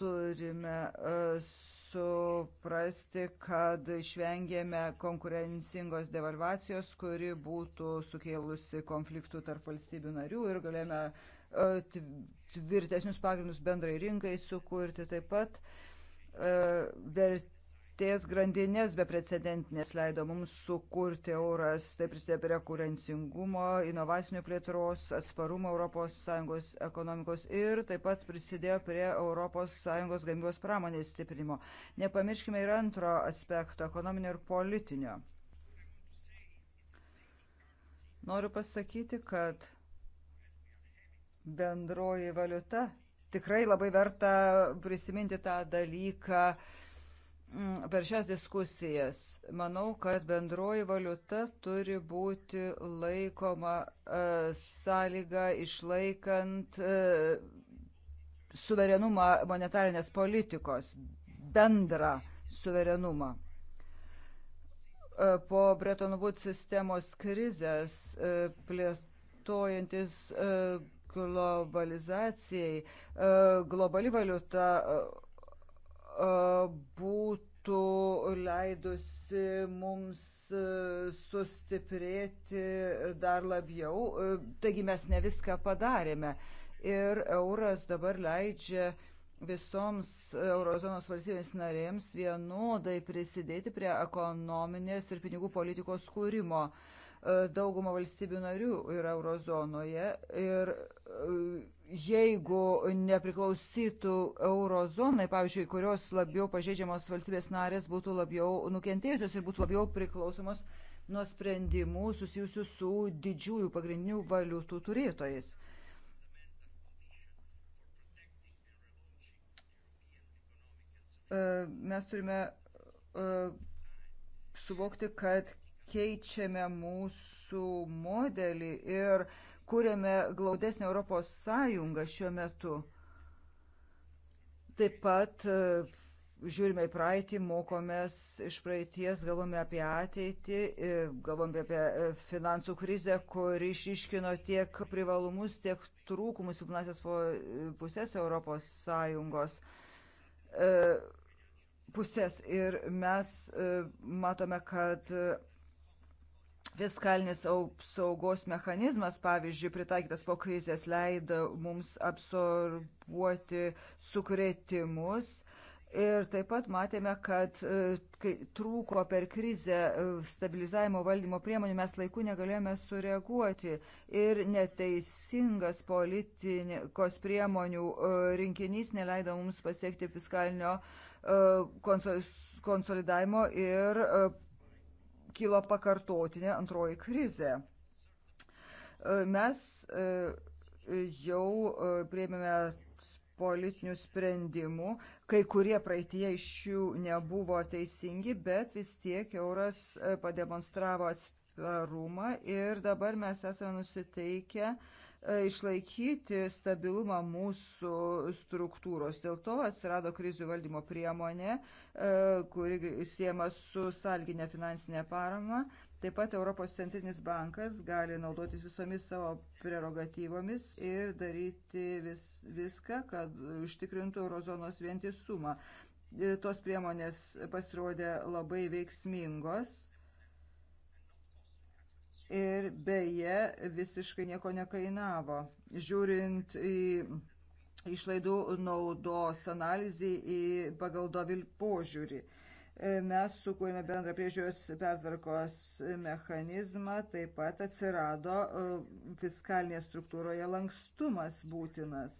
B: turime e, suprasti, kad išvengėme konkurencingos devalvacijos, kuri būtų sukėlusi konfliktų tarp valstybių narių ir galėjome tvirtesnius pagrindus bendrai rinkai sukurti, taip pat e, vertės grandinės beprecedentinės leido mums sukurti euras, tai prisidėjo prie konkurencingumo, inovacinių plėtros, atsparumo ES ekonomikos ir taip pat prisidėjo prie ES gamybos pramonės stiprinimo. Nepamirškime ir antro aspekto - ekonominio ir politinio. Noriu pasakyti, kad bendroji valiuta. Tikrai labai verta prisiminti tą dalyką mm, per šias diskusijas. Manau, kad bendroji valiuta turi būti laikoma e, sąlyga išlaikant e, suverenumą monetarinės politikos, bendrą suverenumą e, po Bretton Woods sistemos krizės plėtojantis globalizacijai, e, globali valiuta e, e, būtų leidusi mums sustiprėti dar labiau. Taigi mes ne viską padarėme. Ir euras dabar leidžia visoms eurozonos valstybės narėms vienodai prisidėti prie ekonominės ir pinigų politikos kūrimo. Dauguma valstybių narių yra eurozonoje ir jeigu nepriklausytų eurozonai, pavyzdžiui, kurios labiau pažeidžiamos valstybės narės būtų labiau nukentėjusios ir būtų labiau priklausomos nuo sprendimų susijusių su didžiųjų pagrindinių valiutų turėtojais. E, mes turime e, suvokti, kad keičiame mūsų modelį ir kūrėme glaudesnį Europos sąjungą šiuo metu. Taip pat e, žiūrime į praeitį, mokomės iš praeities, galvome apie ateitį, e, galvome apie e, finansų krizę, kuri išiškino tiek privalumus, tiek trūkumus silpnasias pusės Europos Sąjungos pusės. Ir mes matome, kad Fiskalinis saugos mechanizmas, pavyzdžiui, pritaikytas po krizės, leido mums absorbuoti sukretimus. Ir taip pat matėme, kad e, kai trūko per krizę e, stabilizavimo valdymo priemonių, mes laiku negalėjome sureaguoti. Ir neteisingas politikos priemonių e, rinkinys neleido mums pasiekti fiskalinio konsolidavimo ir kilo pakartotinė antroji krizė. E, mes e, jau e, prieimėme politinių sprendimų, kai kurie praeitie iš jų nebuvo teisingi, bet vis tiek euras pademonstravo atsparumą ir dabar mes esame nusiteikę uh, E, išlaikyti stabilumą mūsų struktūros. Dėl to atsirado krizių valdymo priemonė, e, kuri siema su salginė finansinė parama. Taip pat Europos centrinis bankas gali naudotis visomis savo prerogatyvomis ir daryti vis, viską, kad užtikrintų eurozonos vientisumą. E, tos priemonės pasirodė labai veiksmingos ir beje visiškai nieko nekainavo. Žiūrint į išlaidų naudos analizį į pagal dovil požiūrį. E, mes sukūrėme bendrą priežiūros pertvarkos mechanizmą, taip pat atsirado e, fiskalinėje struktūroje lankstumas būtinas.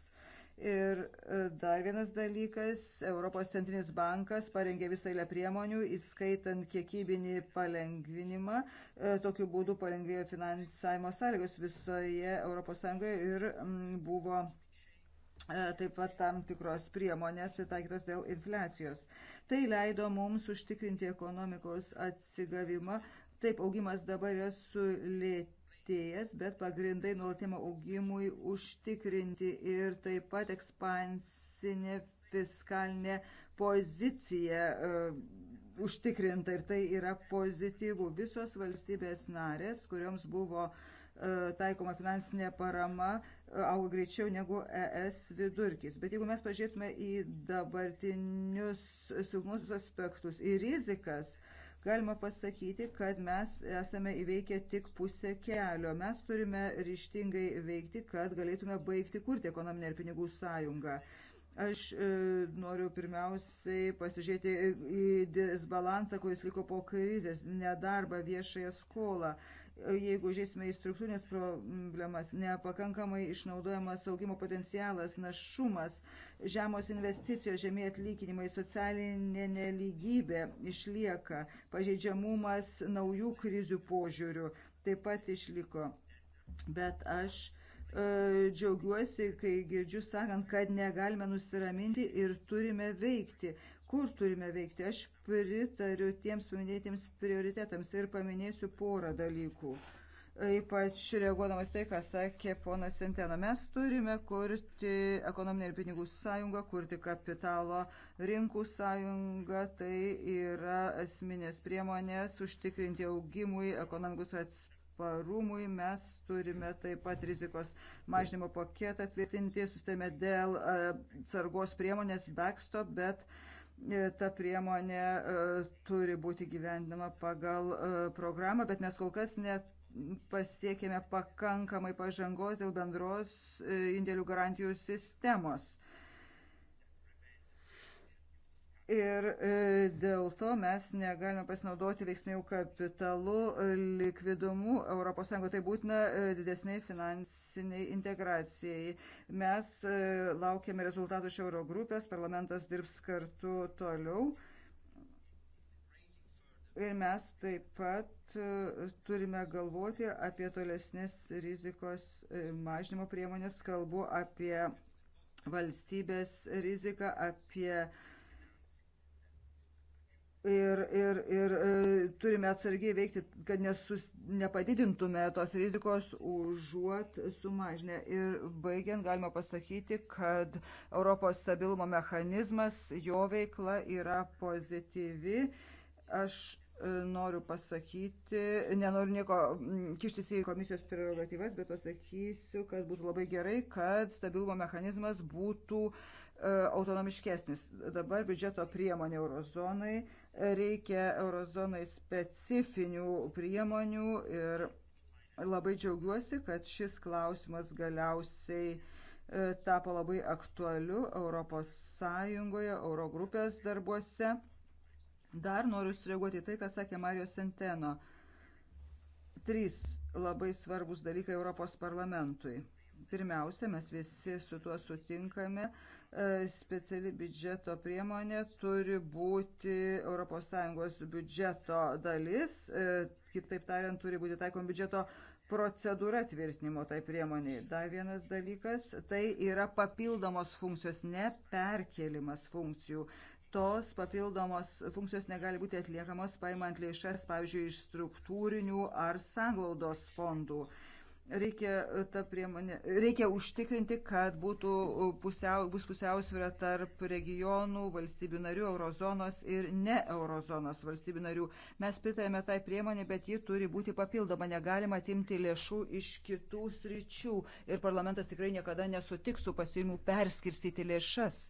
B: Ir e, dar vienas dalykas, Europos centrinis bankas parengė visą eilę priemonių, įskaitant kiekybinį palengvinimą. E, tokiu būdu palengvėjo finansavimo sąlygos visoje ES ir mm, buvo e, taip pat tam tikros priemonės pritaikytos dėl infliacijos. Tai leido mums užtikrinti ekonomikos atsigavimą. Taip, augimas dabar yra sulėtėjęs lėtėjęs, bet pagrindai nuolatiniam augimui užtikrinti ir taip pat ekspansinė fiskalinė pozicija uh, užtikrinta ir tai yra pozityvų. Visos valstybės narės, kuriuoms buvo uh, taikoma finansinė parama e, auga greičiau negu ES vidurkis. Bet jeigu mes pažiūrėtume į dabartinius silpnusius aspektus, į rizikas, uh, galima pasakyti, kad mes esame įveikę tik pusę kelio. Mes turime ryštingai veikti, kad galėtume baigti kurti ekonominę ir pinigų sąjungą. Aš e, noriu pirmiausiai pasižiūrėti į disbalansą, kuris liko po krizės, nedarbą, viešąją skolą. E, Jeigu žiūrėsime į struktūrinės problemas, nepakankamai išnaudojamas augimo potencialas, našumas, žemos investicijos, žemė atlyginimai, socialinė neligybė išlieka, pažeidžiamumas naujų krizių požiūrių taip pat išliko. Bet aš e, džiaugiuosi, kai girdžiu sakant, kad negalime nusiraminti ir turime veikti kur turime veikti. Aš pritariu tiems paminėtiems prioritetams ir paminėsiu porą dalykų. Ypač reaguodamas tai, ką sakė ponas Senteno, mes turime kurti ekonominę ir pinigų sąjungą, kurti kapitalo rinkų sąjungą, tai yra esminės priemonės užtikrinti augimui, ekonomikos atsparumui atsparumui mes turime taip pat rizikos mažinimo paketą tvirtinti, sustame dėl e, atsargos priemonės backstop, bet E, ta priemonė e, turi būti gyvendama pagal e, programą, bet mes kol kas net pasiekėme pakankamai pažangos dėl bendros indėlių garantijų sistemos. Ir e, dėl to mes negalime pasinaudoti veiksmėjų kapitalu, e, likvidumu ES. Tai būtina e, didesniai finansiniai integracijai. Mes laukiame rezultatų iš Eurogrupės, parlamentas dirbs kartu toliau. Ir mes taip pat turime galvoti apie tolesnės rizikos mažinimo priemonės, kalbu apie valstybės riziką, apie uh, ir, ir, ir e, turime atsargiai veikti, kad nesus, nepadidintume tos rizikos užuot sumažinę. Ir baigiant galima pasakyti, kad Europos stabilumo mechanizmas, jo veikla yra pozityvi. Aš e, noriu pasakyti, nenoriu nieko kištis į komisijos prerogatyvas, bet pasakysiu, kad būtų labai gerai, kad stabilumo mechanizmas būtų e, autonomiškesnis. Dabar biudžeto priemonė eurozonai Reikia eurozonai specifinių priemonių ir labai džiaugiuosi, kad šis klausimas galiausiai e, tapo labai aktualiu Europos Sąjungoje, Eurogrupės darbuose. Dar noriu sureaguoti tai, ką sakė Mario Senteno. Trys labai svarbus dalykai Europos parlamentui. Pirmiausia, mes visi su tuo sutinkame, speciali biudžeto priemonė turi būti ES biudžeto dalis, e, kitaip tariant, turi būti taikom biudžeto procedūra tvirtinimo tai priemoniai. Dar vienas dalykas, tai yra papildomos funkcijos, ne perkelimas funkcijų. Tos papildomos funkcijos negali būti atliekamos paimant lėšas, pavyzdžiui, iš struktūrinių ar sanglaudos fondų. Uh, reikia, e, priemonė, reikia užtikrinti, kad būtų e, pusiau, bus pusiausvyrą tarp regionų, valstybių narių, eurozonos ir ne eurozonos valstybių narių. Mes pritarėme tai priemonė, bet ji turi būti papildoma, negalima atimti lėšų iš kitų sričių ir parlamentas tikrai niekada nesutiks su pasiūlymu perskirstyti lėšas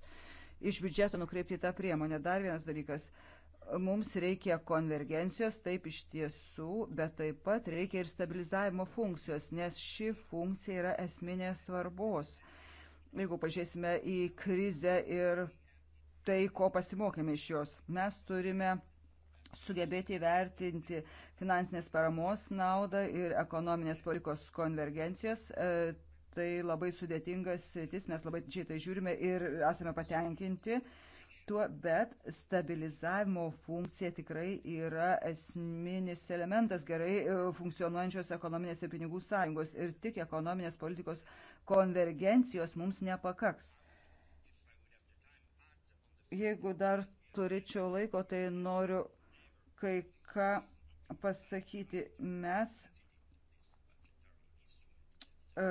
B: iš biudžeto nukreipti tą priemonę. Dar vienas dalykas. Uh, Mums reikia konvergencijos, taip iš tiesų, bet taip pat reikia ir stabilizavimo funkcijos, nes ši funkcija yra esminės svarbos. Jeigu pažiūrėsime į krizę ir tai, ko pasimokėme iš jos, mes turime sugebėti įvertinti finansinės paramos naudą ir ekonominės politikos konvergencijos. E, tai labai sudėtingas sritis, mes labai džiai tai žiūrime ir esame patenkinti tuo, bet stabilizavimo funkcija tikrai yra esminis elementas gerai e, funkcionuojančios ekonominės ir pinigų sąjungos ir tik ekonominės politikos konvergencijos mums nepakaks. Jeigu dar turėčiau laiko, tai noriu kai ką pasakyti. Mes e,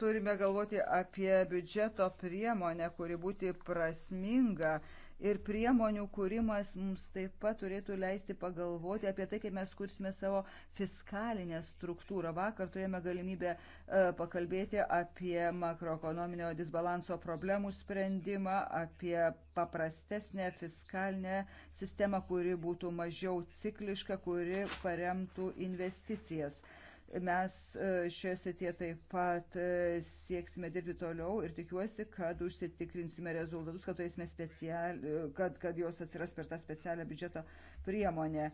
B: turime galvoti apie biudžeto priemonę, kuri būti prasminga. Ir priemonių kūrimas mums taip pat turėtų leisti pagalvoti apie tai, kaip mes kursime savo fiskalinę struktūrą. Vakar turėjome galimybę e, pakalbėti apie makroekonominio disbalanso problemų sprendimą, apie paprastesnę fiskalinę sistemą, kuri būtų mažiau cikliška, kuri paremtų investicijas. E, Mes e, šioje srityje taip pat e, sieksime dirbti toliau ir tikiuosi, kad užsitikrinsime rezultatus, kad, speciali, e, kad, kad jos atsiras per tą specialią biudžeto priemonę.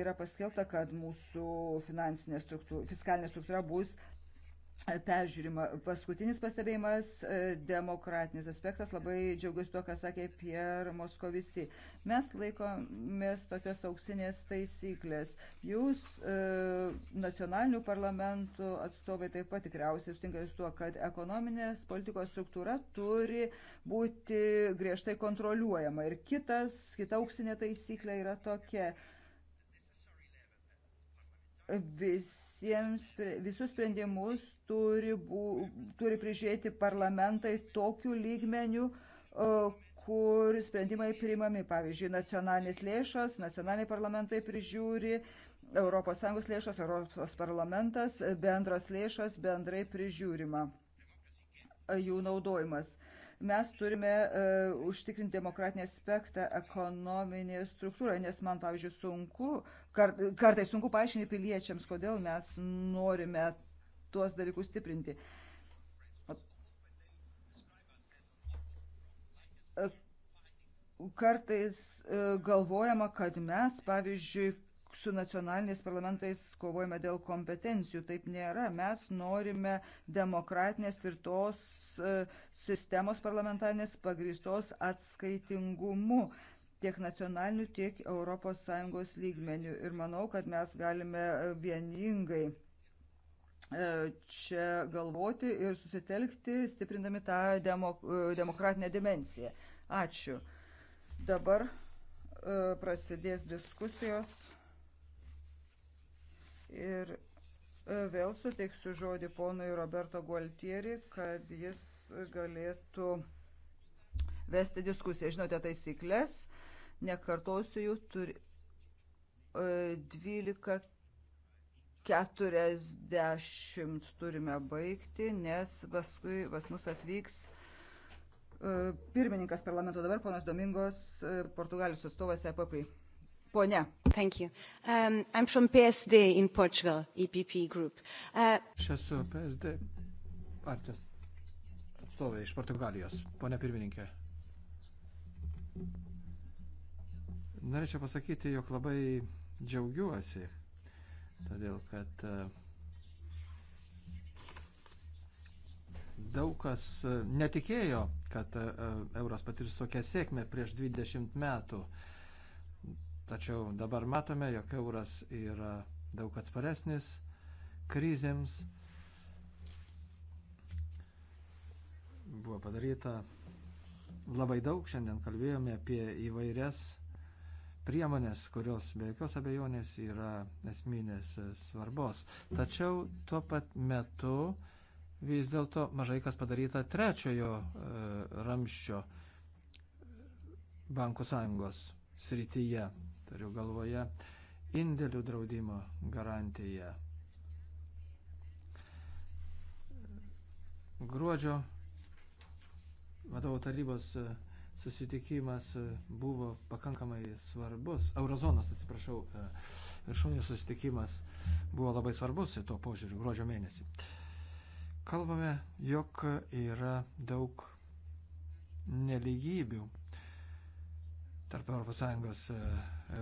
B: Yra paskelbta, kad mūsų finansinė struktūra, fiskalinė struktūra bus peržiūrima. Paskutinis pastebėjimas e, - demokratinis aspektas. Labai džiaugiuosi tuo, ką sakė Pierre Moskovici. Mes laikomės tokios auksinės taisyklės. Jūs, e, nacionalinių parlamentų atstovai, taip pat tikriausiai sutinkate su tuo, kad ekonominės politikos struktūra turi būti griežtai kontroliuojama. Ir kitas, kita auksinė taisyklė yra tokia visiems, visus sprendimus turi, bū, turi prižiūrėti parlamentai tokiu lygmeniu, e, kur sprendimai priimami. Pavyzdžiui, nacionalinės lėšas, nacionaliniai parlamentai prižiūri, ES lėšas, ES parlamentas, bendros lėšas bendrai prižiūrima e, jų naudojimas mes turime uh, užtikrinti demokratinį aspektą ekonominį struktūrą, nes man, pavyzdžiui, sunku, kar, kartai sunku paaiškinti piliečiams, kodėl mes norime tuos dalykus stiprinti. E, kartais uh, galvojama, kad mes, pavyzdžiui, su nacionaliniais parlamentais kovojame dėl kompetencijų. Taip nėra. Mes norime demokratinės tvirtos e, sistemos parlamentarnės pagristos atskaitingumu tiek nacionaliniu, tiek ES lygmeniu. Ir manau, kad mes galime e, vieningai e, čia galvoti ir susitelkti, stiprindami tą demok demokratinę dimenciją. Ačiū. Dabar prasidės diskusijos. Ir e, vėl suteiksiu žodį ponui Roberto Gualtieri, kad jis galėtų vesti diskusiją. Žinote taisyklės, nekartosiu jų, turi 12.40 e, turime baigti, nes paskui pas mus atvyks e, pirmininkas parlamento dabar, ponas Domingos, Portugalijos atstovas EPP. Pone. Thank you.
C: Um, I'm from PSD in Portugal, EPP Group. Uh... Aš esu PSD partijos atstovė iš Portugalijos. Pone pirmininkė. Norėčiau pasakyti, jog labai džiaugiuosi, todėl kad uh, daug kas uh, netikėjo, kad uh, euras patirs tokią sėkmę prieš 20 metų. Uh, Tačiau dabar matome, jog euras yra daug atsparesnis krizėms. Buvo padaryta labai daug, šiandien kalbėjome apie įvairias priemonės, kurios be jokios abejonės yra esminės svarbos. Tačiau tuo pat metu vis dėlto mažai kas padaryta trečiojo e, ramščio bankų sąjungos srityje. Turiu galvoje indėlių draudimo garantiją. Gruodžio vadovų tarybos susitikimas buvo pakankamai svarbus. Eurozonos, atsiprašau, viršūnių susitikimas buvo labai svarbus tuo požiūriu gruodžio mėnesį. Kalbame, jog yra daug nelygybių tarp ES e,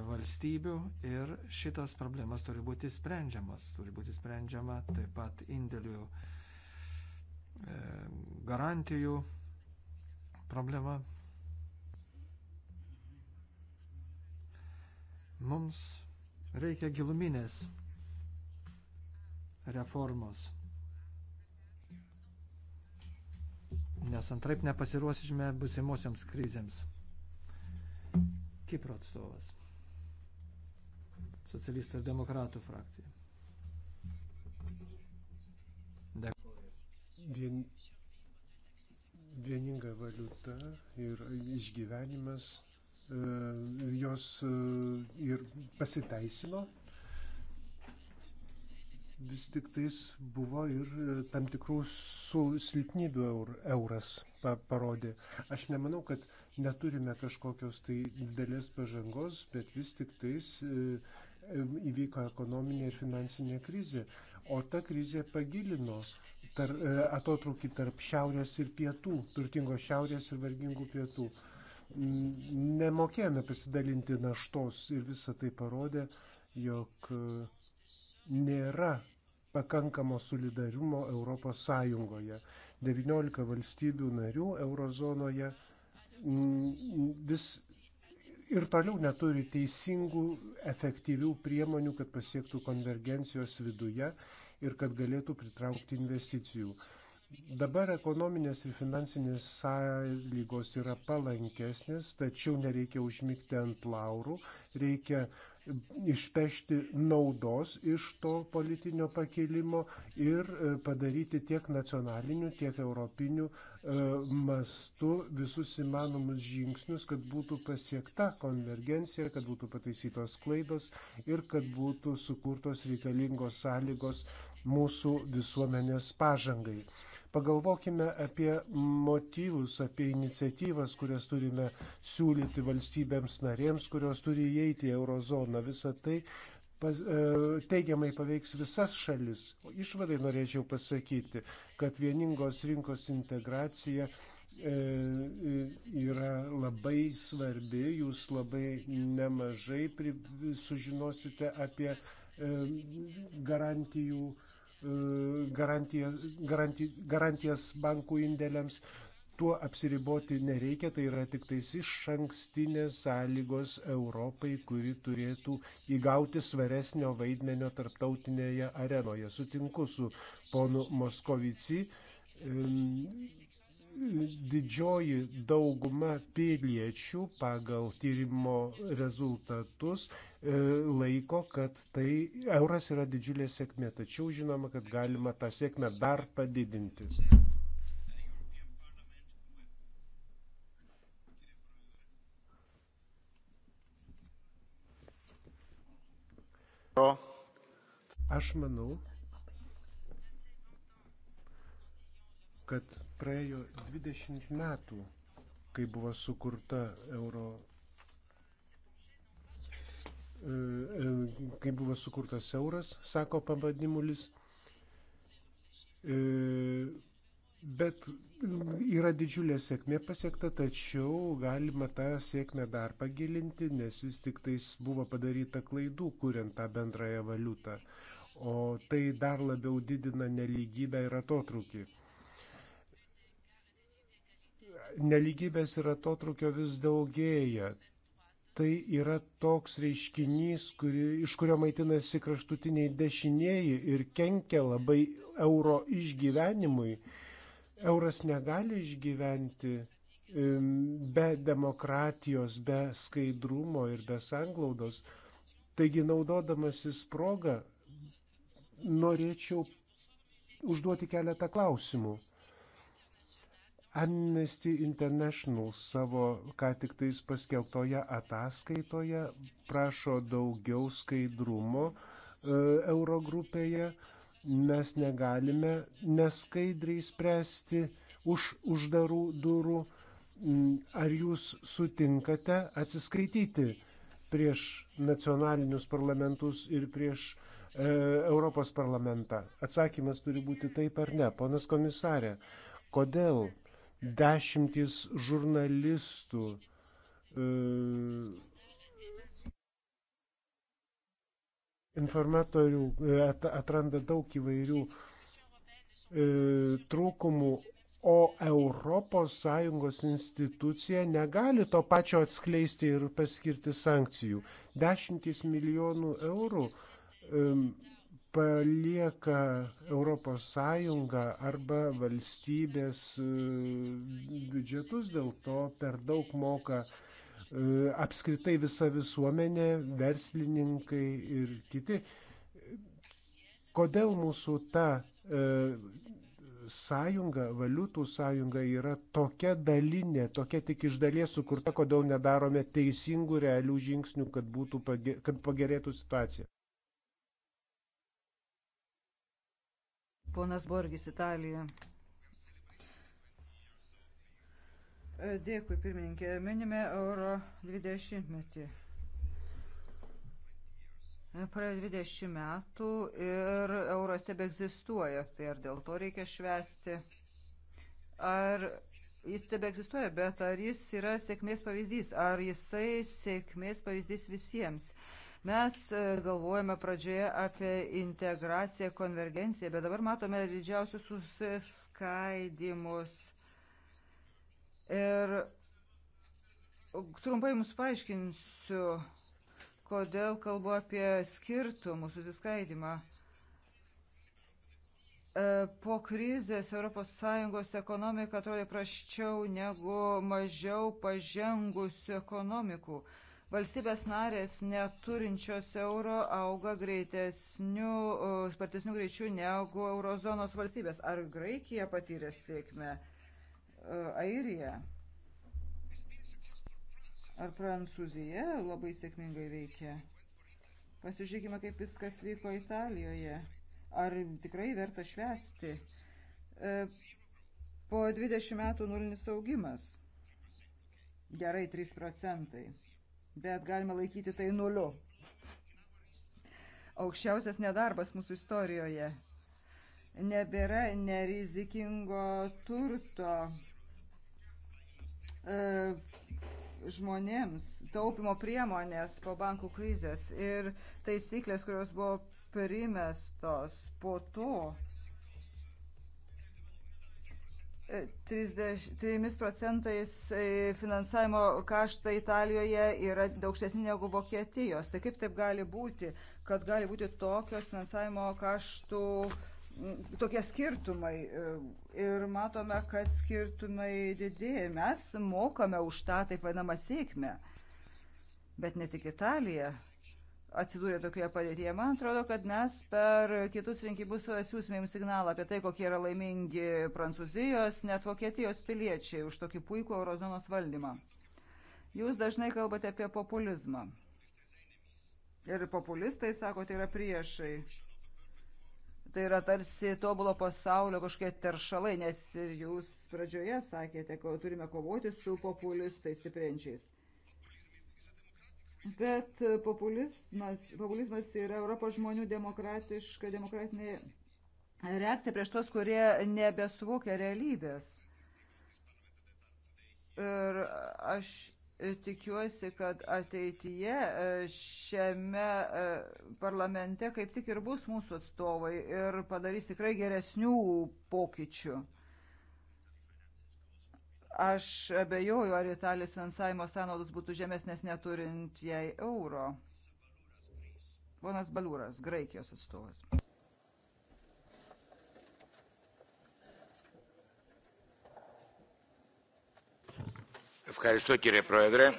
C: valstybių ir šitos problemas turi būti sprendžiamas. Turi būti sprendžiama taip pat indėlių e, garantijų problema. Mums reikia giluminės reformos. Nes antraip nepasiruosime busimosiams krizėms. Kipro atstovas. Socialistų ir demokratų frakcija. Dėkuoju.
A: Vien, vieninga valiuta ir išgyvenimas e, jos e, ir pasiteisino vis tik tais buvo ir e, tam tikrų silpnybių eur, euras pa, parodė. Aš nemanau, kad neturime kažkokios tai didelės pažangos, bet vis tik tais e, įvyko ekonominė ir finansinė krizė. O ta krizė pagilino tar, e, atotrukį tarp šiaurės ir pietų, turtingos šiaurės ir vargingų pietų. Nemokėjome pasidalinti naštos ir visą tai parodė, jog nėra pakankamo solidarumo Europos Sąjungoje. 19 valstybių narių eurozonoje vis ir toliau neturi teisingų, efektyvių priemonių, kad pasiektų konvergencijos viduje ir kad galėtų pritraukti investicijų. Dabar ekonominės ir finansinės sąlygos yra palankesnės, tačiau nereikia užmygti ant laurų, reikia išpešti naudos iš to politinio pakilimo ir e, padaryti tiek nacionaliniu, tiek europiniu e, mastu visus įmanomus žingsnius, kad būtų pasiekta konvergencija, kad būtų pataisytos klaidos ir kad būtų sukurtos reikalingos sąlygos mūsų visuomenės pažangai. Pagalvokime apie motyvus, apie iniciatyvas, kurias turime siūlyti valstybėms narėms, kurios turi įeiti į eurozoną. Visą tai e, teigiamai paveiks visas šalis. Išvadai norėčiau pasakyti, kad vieningos rinkos integracija e, yra labai svarbi, jūs labai nemažai sužinosite apie e, garantijų garantijas, garantijas bankų indėliams. Tuo apsiriboti nereikia, tai yra tik tais iš ankstinės sąlygos Europai, kuri turėtų įgauti svaresnio vaidmenio tarptautinėje arenoje. Sutinku su ponu Moskovici didžioji dauguma piliečių pagal tyrimo rezultatus e, laiko, kad tai euras yra didžiulė sėkmė, tačiau žinoma, kad galima tą sėkmę dar padidinti. Aš manau, kad Praėjo 20 metų, kai buvo sukurta euro e, e, kai buvo sukurtas euras, sako pavadimulis. E, bet yra didžiulė sėkmė pasiekta, tačiau galima tą sėkmę dar pagilinti, nes vis tik tais buvo padaryta klaidų, kuriant tą bendrąją valiutą. O tai dar labiau didina neligybę ir atotrukį neligybės ir atotrukio vis daugėja. Tai yra toks reiškinys, kuri, iš kurio maitinasi kraštutiniai dešinieji ir kenkia labai euro išgyvenimui. Euras negali išgyventi be demokratijos, be skaidrumo ir be sanglaudos. Taigi, naudodamasis progą, norėčiau užduoti keletą klausimų. Amnesty International savo ką tik tais paskelbtoje ataskaitoje prašo daugiau skaidrumo e, Eurogrupėje. Mes negalime neskaidriai spręsti už uždarų durų. Mm, ar jūs sutinkate atsiskaityti prieš nacionalinius parlamentus ir prieš e, Europos parlamentą? Atsakymas turi būti taip ar ne. Ponas komisarė, kodėl dešimtys žurnalistų. E, informatorių e, atranda daug įvairių e, trūkumų, o ES institucija negali to pačio atskleisti ir paskirti sankcijų. Dešimtys milijonų eurų palieka Europos Sąjungą arba valstybės e, biudžetus, dėl to per daug moka e, apskritai visa visuomenė, verslininkai ir kiti. Kodėl mūsų ta e, sąjunga, valiutų sąjunga yra tokia dalinė, tokia tik iš dalies sukurta, kodėl nedarome teisingų realių žingsnių, kad, būtų, kad pagerėtų situacija.
B: Ponas Borgis, Italija. E, dėkui, pirmininkė. Minime euro 20 metį. E, praėjo 20 metų ir euras tebe egzistuoja. Tai ar dėl to reikia švesti? Ar jis tebe egzistuoja, bet ar jis yra sėkmės pavyzdys? Ar jisai sėkmės pavyzdys visiems? Uh, Mes e, galvojame pradžioje apie integraciją, konvergenciją, bet dabar matome didžiausius susiskaidimus. Ir trumpai jums paaiškinsiu, kodėl kalbu apie skirtumus, susiskaidimą. E, po krizės ES ekonomika atrodė praščiau negu mažiau pažengusių ekonomikų. Valstybės narės neturinčios euro auga greitesniu, spartesniu greičiu negu eurozonos valstybės. Ar Graikija patyrė sėkmę? Airija? Ar Prancūzija labai sėkmingai veikia? Pasižiūrėkime, kaip viskas vyko Italijoje. Ar tikrai verta švesti? E, po 20 metų nulinis augimas. Gerai, 3 procentai bet galima laikyti tai nuliu. Aukščiausias nedarbas mūsų istorijoje. Nebėra nerizikingo turto e, žmonėms, taupimo priemonės po bankų krizės ir taisyklės, kurios buvo primestos po to 3 procentais e, finansavimo kaštai Italijoje yra daugštesni negu Vokietijos. Tai kaip taip gali būti, kad gali būti tokios finansavimo kaštų, tokie skirtumai. E, ir matome, kad skirtumai didėja. Mes mokame už tą taip vadinamą sėkmę. Bet ne tik Italija atsidūrė tokioje padėtyje. Man atrodo, kad mes per kitus rinkimus siūsime jums signalą apie tai, kokie yra laimingi Prancūzijos, net Vokietijos piliečiai už tokį puikų eurozonos valdymą. Jūs dažnai kalbate apie populizmą. Ir populistai, sako, tai yra priešai. Tai yra tarsi tobulo pasaulio kažkokie teršalai, nes ir jūs pradžioje sakėte, kad turime kovoti su populistais stiprinčiais. Bet populizmas, populizmas yra Europos žmonių demokratiška, demokratinė reakcija prieš tos, kurie nebesuvokia realybės. Ir aš tikiuosi, kad ateityje e, šiame e, parlamente kaip tik ir bus mūsų atstovai ir padarys tikrai geresnių pokyčių. Aš abejoju, ar Italijos finansavimo sąnaudos būtų žemesnės neturint jai euro. Ponas Balūras, Graikijos atstovas.
A: Ευχαριστώ κύριε Πρόεδρε.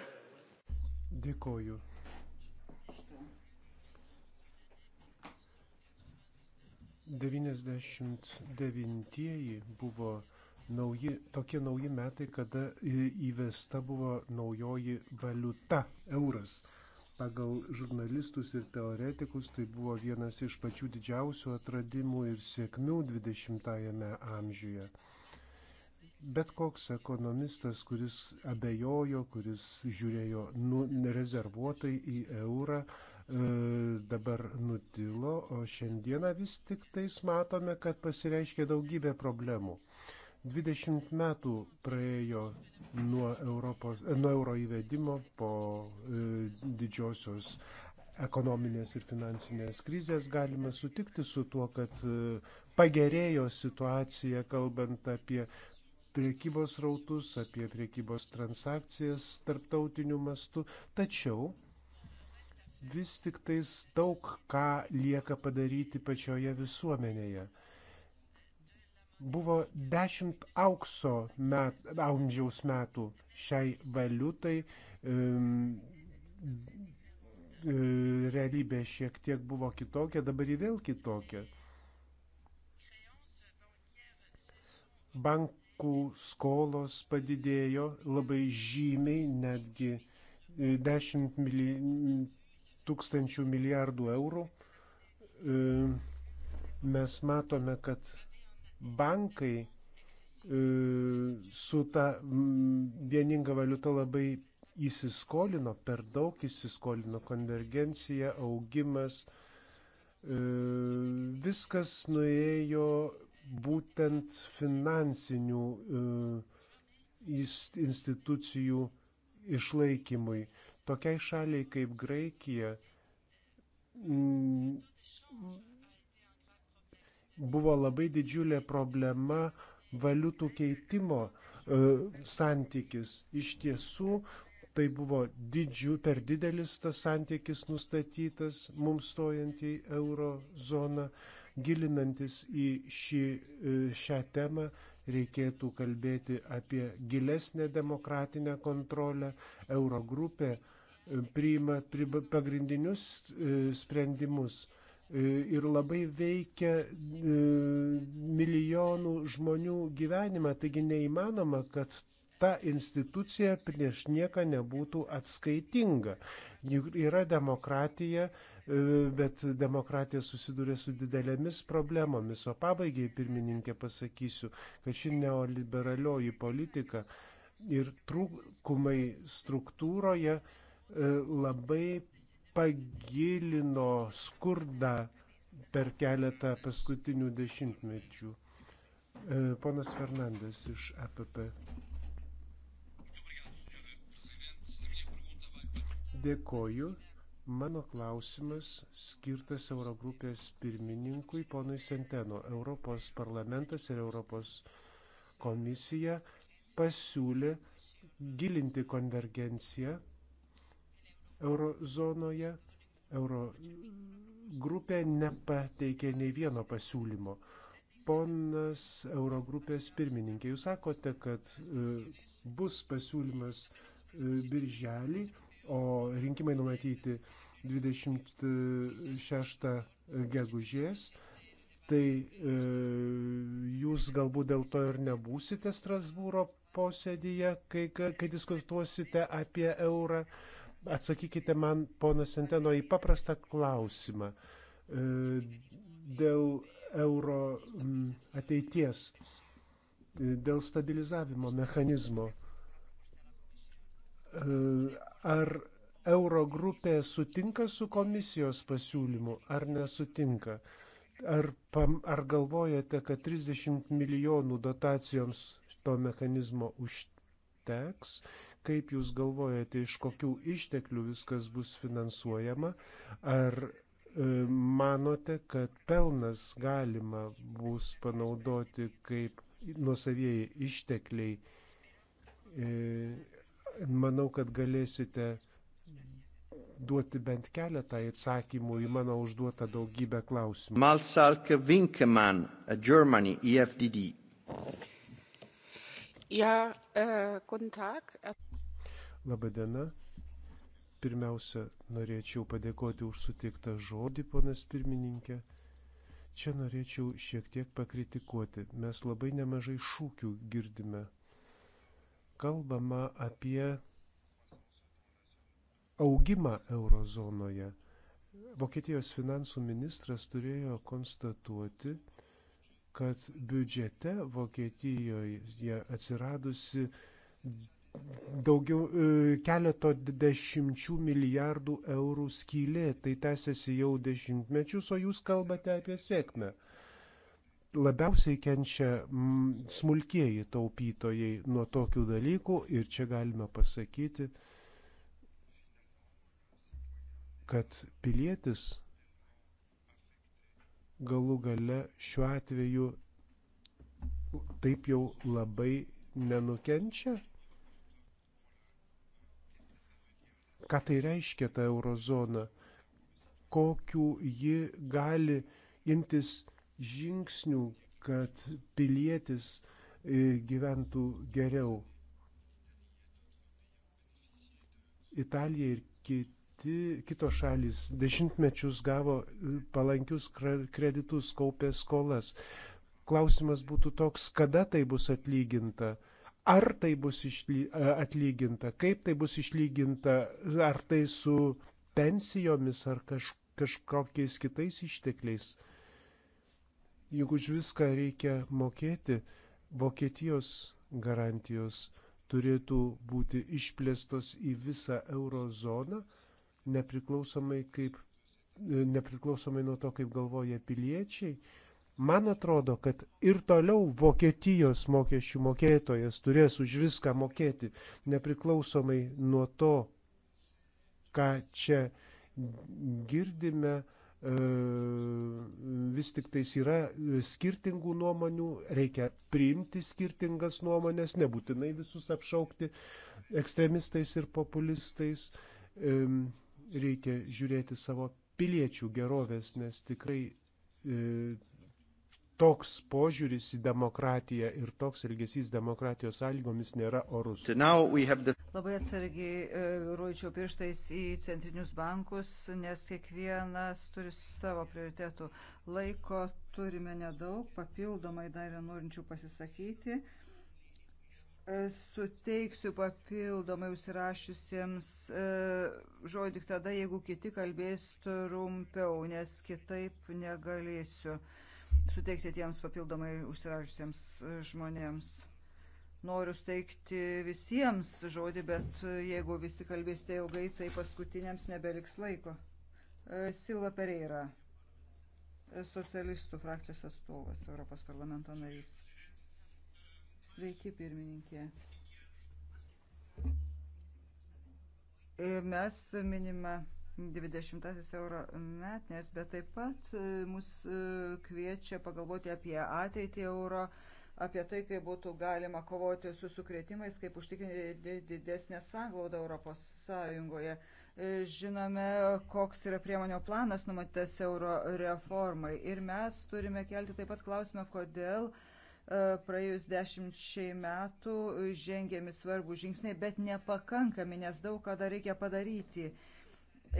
A: Dėkoju. Devyniasdešimt devintieji buvo nauji, tokie nauji metai, kada įvesta buvo naujoji valiuta - euras. Pagal žurnalistus ir teoretikus tai buvo vienas iš pačių didžiausių atradimų ir sėkmių 20-ame amžiuje. Bet koks ekonomistas, kuris abejojo, kuris žiūrėjo nu, rezervuotai į eurą, e, dabar nutilo, o šiandieną vis tik tais matome, kad pasireiškia daugybė problemų. 20 metų praėjo nuo, Europos, e, nuo euro įvedimo po e, didžiosios ekonominės ir finansinės krizės. Galime sutikti su tuo, kad e, pagerėjo situacija, kalbant apie priekybos rautus, apie priekybos transakcijas tarptautiniu mastu. Tačiau vis tik tais daug ką lieka padaryti pačioje visuomenėje Buvo dešimt aukso met, amžiaus metų šiai valiutai. E, realybė šiek tiek buvo kitokia, dabar ji vėl kitokia. Bankų skolos padidėjo labai žymiai, netgi 10 e, mili, tūkstančių milijardų eurų mes matome, kad bankai e, su ta vieninga valiuta labai įsiskolino, per daug įsiskolino konvergencija, augimas, e, viskas nuėjo būtent finansinių e, institucijų išlaikymui. Tokiai šaliai kaip Graikija buvo labai didžiulė problema valiutų keitimo e, santykis. Iš tiesų, tai buvo didžiu, per didelis tas santykis nustatytas mums stojant į euro zoną. Gilinantis į šį, e, šią temą, reikėtų kalbėti apie gilesnę demokratinę kontrolę. Eurogrupė e, priima pagrindinius e, sprendimus E, ir labai veikia e, milijonų žmonių gyvenimą. Taigi neįmanoma, kad ta institucija prieš nieką nebūtų atskaitinga. Juk yra demokratija, e, bet demokratija susiduria su didelėmis problemomis. O pabaigai, pirmininkė, pasakysiu, kad ši neoliberalioji politika ir trūkumai struktūroje labai pagilino skurdą per keletą paskutinių dešimtmečių. E, ponas Fernandas iš APP. Dėkoju. Mano klausimas skirtas Eurogrupės pirmininkui ponui Senteno. Europos parlamentas ir Europos komisija pasiūlė gilinti konvergenciją eurozonoje. Euro grupė nepateikė nei vieno pasiūlymo. Ponas Eurogrupės pirmininkė, jūs sakote, kad e, bus pasiūlymas e, birželį, o rinkimai numatyti 26 gegužės, tai e, jūs galbūt dėl to ir nebūsite Strasbūro posėdėje, kai, kai diskutuosite apie eurą. Atsakykite man, ponas Senteno, į paprastą klausimą e, dėl euro ateities, e, dėl stabilizavimo mechanizmo. E, ar euro grupė sutinka su komisijos pasiūlymu ar nesutinka? Ar, pam, ar galvojate, kad 30 milijonų dotacijoms to mechanizmo užteks? Kaip Jūs galvojate, iš kokių išteklių viskas bus finansuojama? Ar e, manote, kad pelnas galima bus panaudoti kaip nuosavieji ištekliai? E, manau, kad galėsite duoti bent keletą atsakymų į mano užduotą daugybę klausimų.
C: Malsalk Winkemann, Germany, EFDD.
B: Ja, uh, guten Tag.
A: Labadiena. Pirmiausia, norėčiau padėkoti už sutiktą žodį, ponas pirmininkė. Čia norėčiau šiek tiek pakritikuoti. Mes labai nemažai šūkių girdime. Kalbama apie augimą eurozonoje. Vokietijos finansų ministras turėjo konstatuoti, kad biudžete Vokietijoje atsiradusi daugiau e, keleto dešimčių milijardų eurų skylė. Tai tęsiasi jau dešimtmečius, o jūs kalbate apie sėkmę. Labiausiai kenčia smulkieji taupytojai nuo tokių dalykų ir čia galime pasakyti, kad pilietis galų gale šiuo atveju taip jau labai nenukenčia ką tai reiškia ta eurozona, kokiu ji gali imtis žingsnių, kad pilietis e, gyventų geriau. Italija ir kiti, kitos šalis dešimtmečius gavo e, palankius kreditus, kaupė skolas. Klausimas būtų toks, kada tai bus atlyginta. Ar tai bus išly, atlyginta, kaip tai bus išlyginta, ar tai su pensijomis, ar kaž, kažkokiais kitais ištekliais. Juk už viską reikia mokėti, Vokietijos garantijos turėtų būti išplėstos į visą eurozoną, nepriklausomai, kaip, nepriklausomai nuo to, kaip galvoja piliečiai, man atrodo kad ir toliau vokietijos mokesčių mokėtojas turės už viską mokėti nepriklausomai nuo to ką čia girdime e, vis tik tais yra skirtingų nuomonių, reikia priimti skirtingas nuomonės, nebūtinai visus apšaukti ekstremistais ir populistais, reikia žiūrėti savo piliečių gerovės, nes tikrai e, toks požiūris į demokratiją ir toks elgesys demokratijos sąlygomis nėra orus. The...
B: Labai atsargiai e, ruočiau pirštais į centrinius bankus, nes kiekvienas turi savo prioritetų. Laiko turime nedaug, papildomai dar norinčių pasisakyti. E, suteiksiu papildomai užsirašysiems e, žodį tada, jeigu kiti kalbės trumpiau, nes kitaip negalėsiu. Uh, suteikti tiems papildomai užsirašusiems e, žmonėms. Noriu suteikti visiems žodį, bet e, jeigu visi kalbėsite ilgai, tai paskutiniams nebeliks laiko. E, Silva Pereira, socialistų frakcijos atstovas, Europos parlamento narys. Sveiki, pirmininkė. Mes minime 20-asis euro metnės, bet taip pat e, mus e, kviečia pagalvoti apie ateitį euro, apie tai, kaip būtų galima kovoti su sukretimais, kaip užtikrinti didesnę sąglaudą Europos Sąjungoje. E, žinome, koks yra priemonio planas numatytas euro reformai ir mes turime kelti taip pat klausimą, kodėl praėjus dešimčiai metų žengėmi svarbų žingsniai, bet nepakankami, nes daug ką dar reikia padaryti.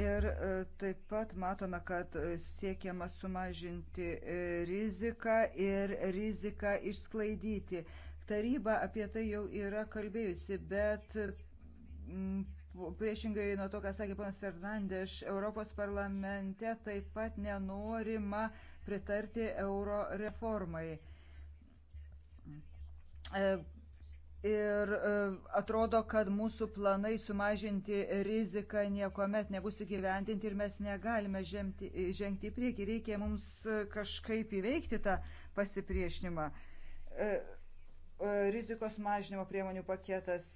B: Ir e, taip pat matome, kad e, siekiama sumažinti e, riziką ir riziką išsklaidyti. Taryba apie tai jau yra kalbėjusi, bet priešingai nuo to, ką sakė ponas Fernandes, Europos parlamente taip pat nenorima pritarti euro reformai Ir e, atrodo, kad mūsų planai sumažinti riziką niekuomet nebus įgyvendinti ir mes negalime žemti, žengti į priekį. Reikia mums e, kažkaip įveikti tą pasipriešinimą. E, rizikos mažinimo priemonių paketas,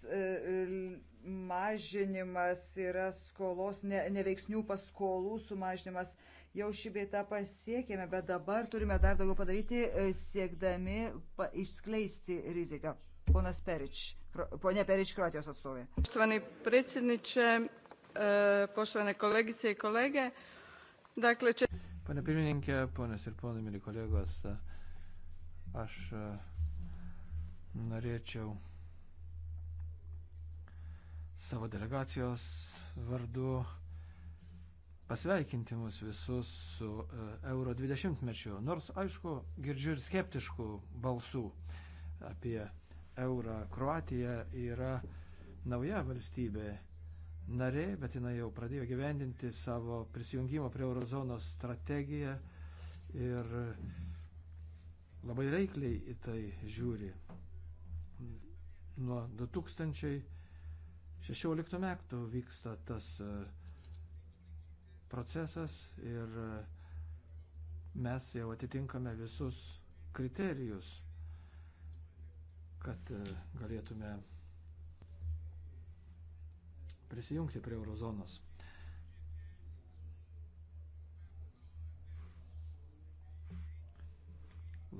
B: mažinimas yra skolos, ne, neveiksnių paskolų sumažinimas. Jau šį beitą pasiekėme, bet dabar turime dar daugiau padaryti, siekdami pa, išskleisti riziką Ponas Perič, ponė Perič, Kroatijos atstovė. Poštovani predsjedniče, e, poštovane kolegice i kolege, dakle će...
C: Pane pirmininkė, ponės ir ponai, mėly kolegos, e, aš e, norėčiau savo delegacijos vardu pasveikinti mus visus su Euro 20 mečiu. Nors, aišku, girdžiu ir skeptiškų balsų apie eurą. Kroatija yra nauja valstybė narė, bet jinai jau pradėjo gyvendinti savo prisijungimo prie eurozonos strategiją ir labai reikliai į tai žiūri. Nuo 2016 metų vyksta tas e, procesas ir e, mes jau atitinkame visus kriterijus kad e, galėtume prisijungti prie eurozonos.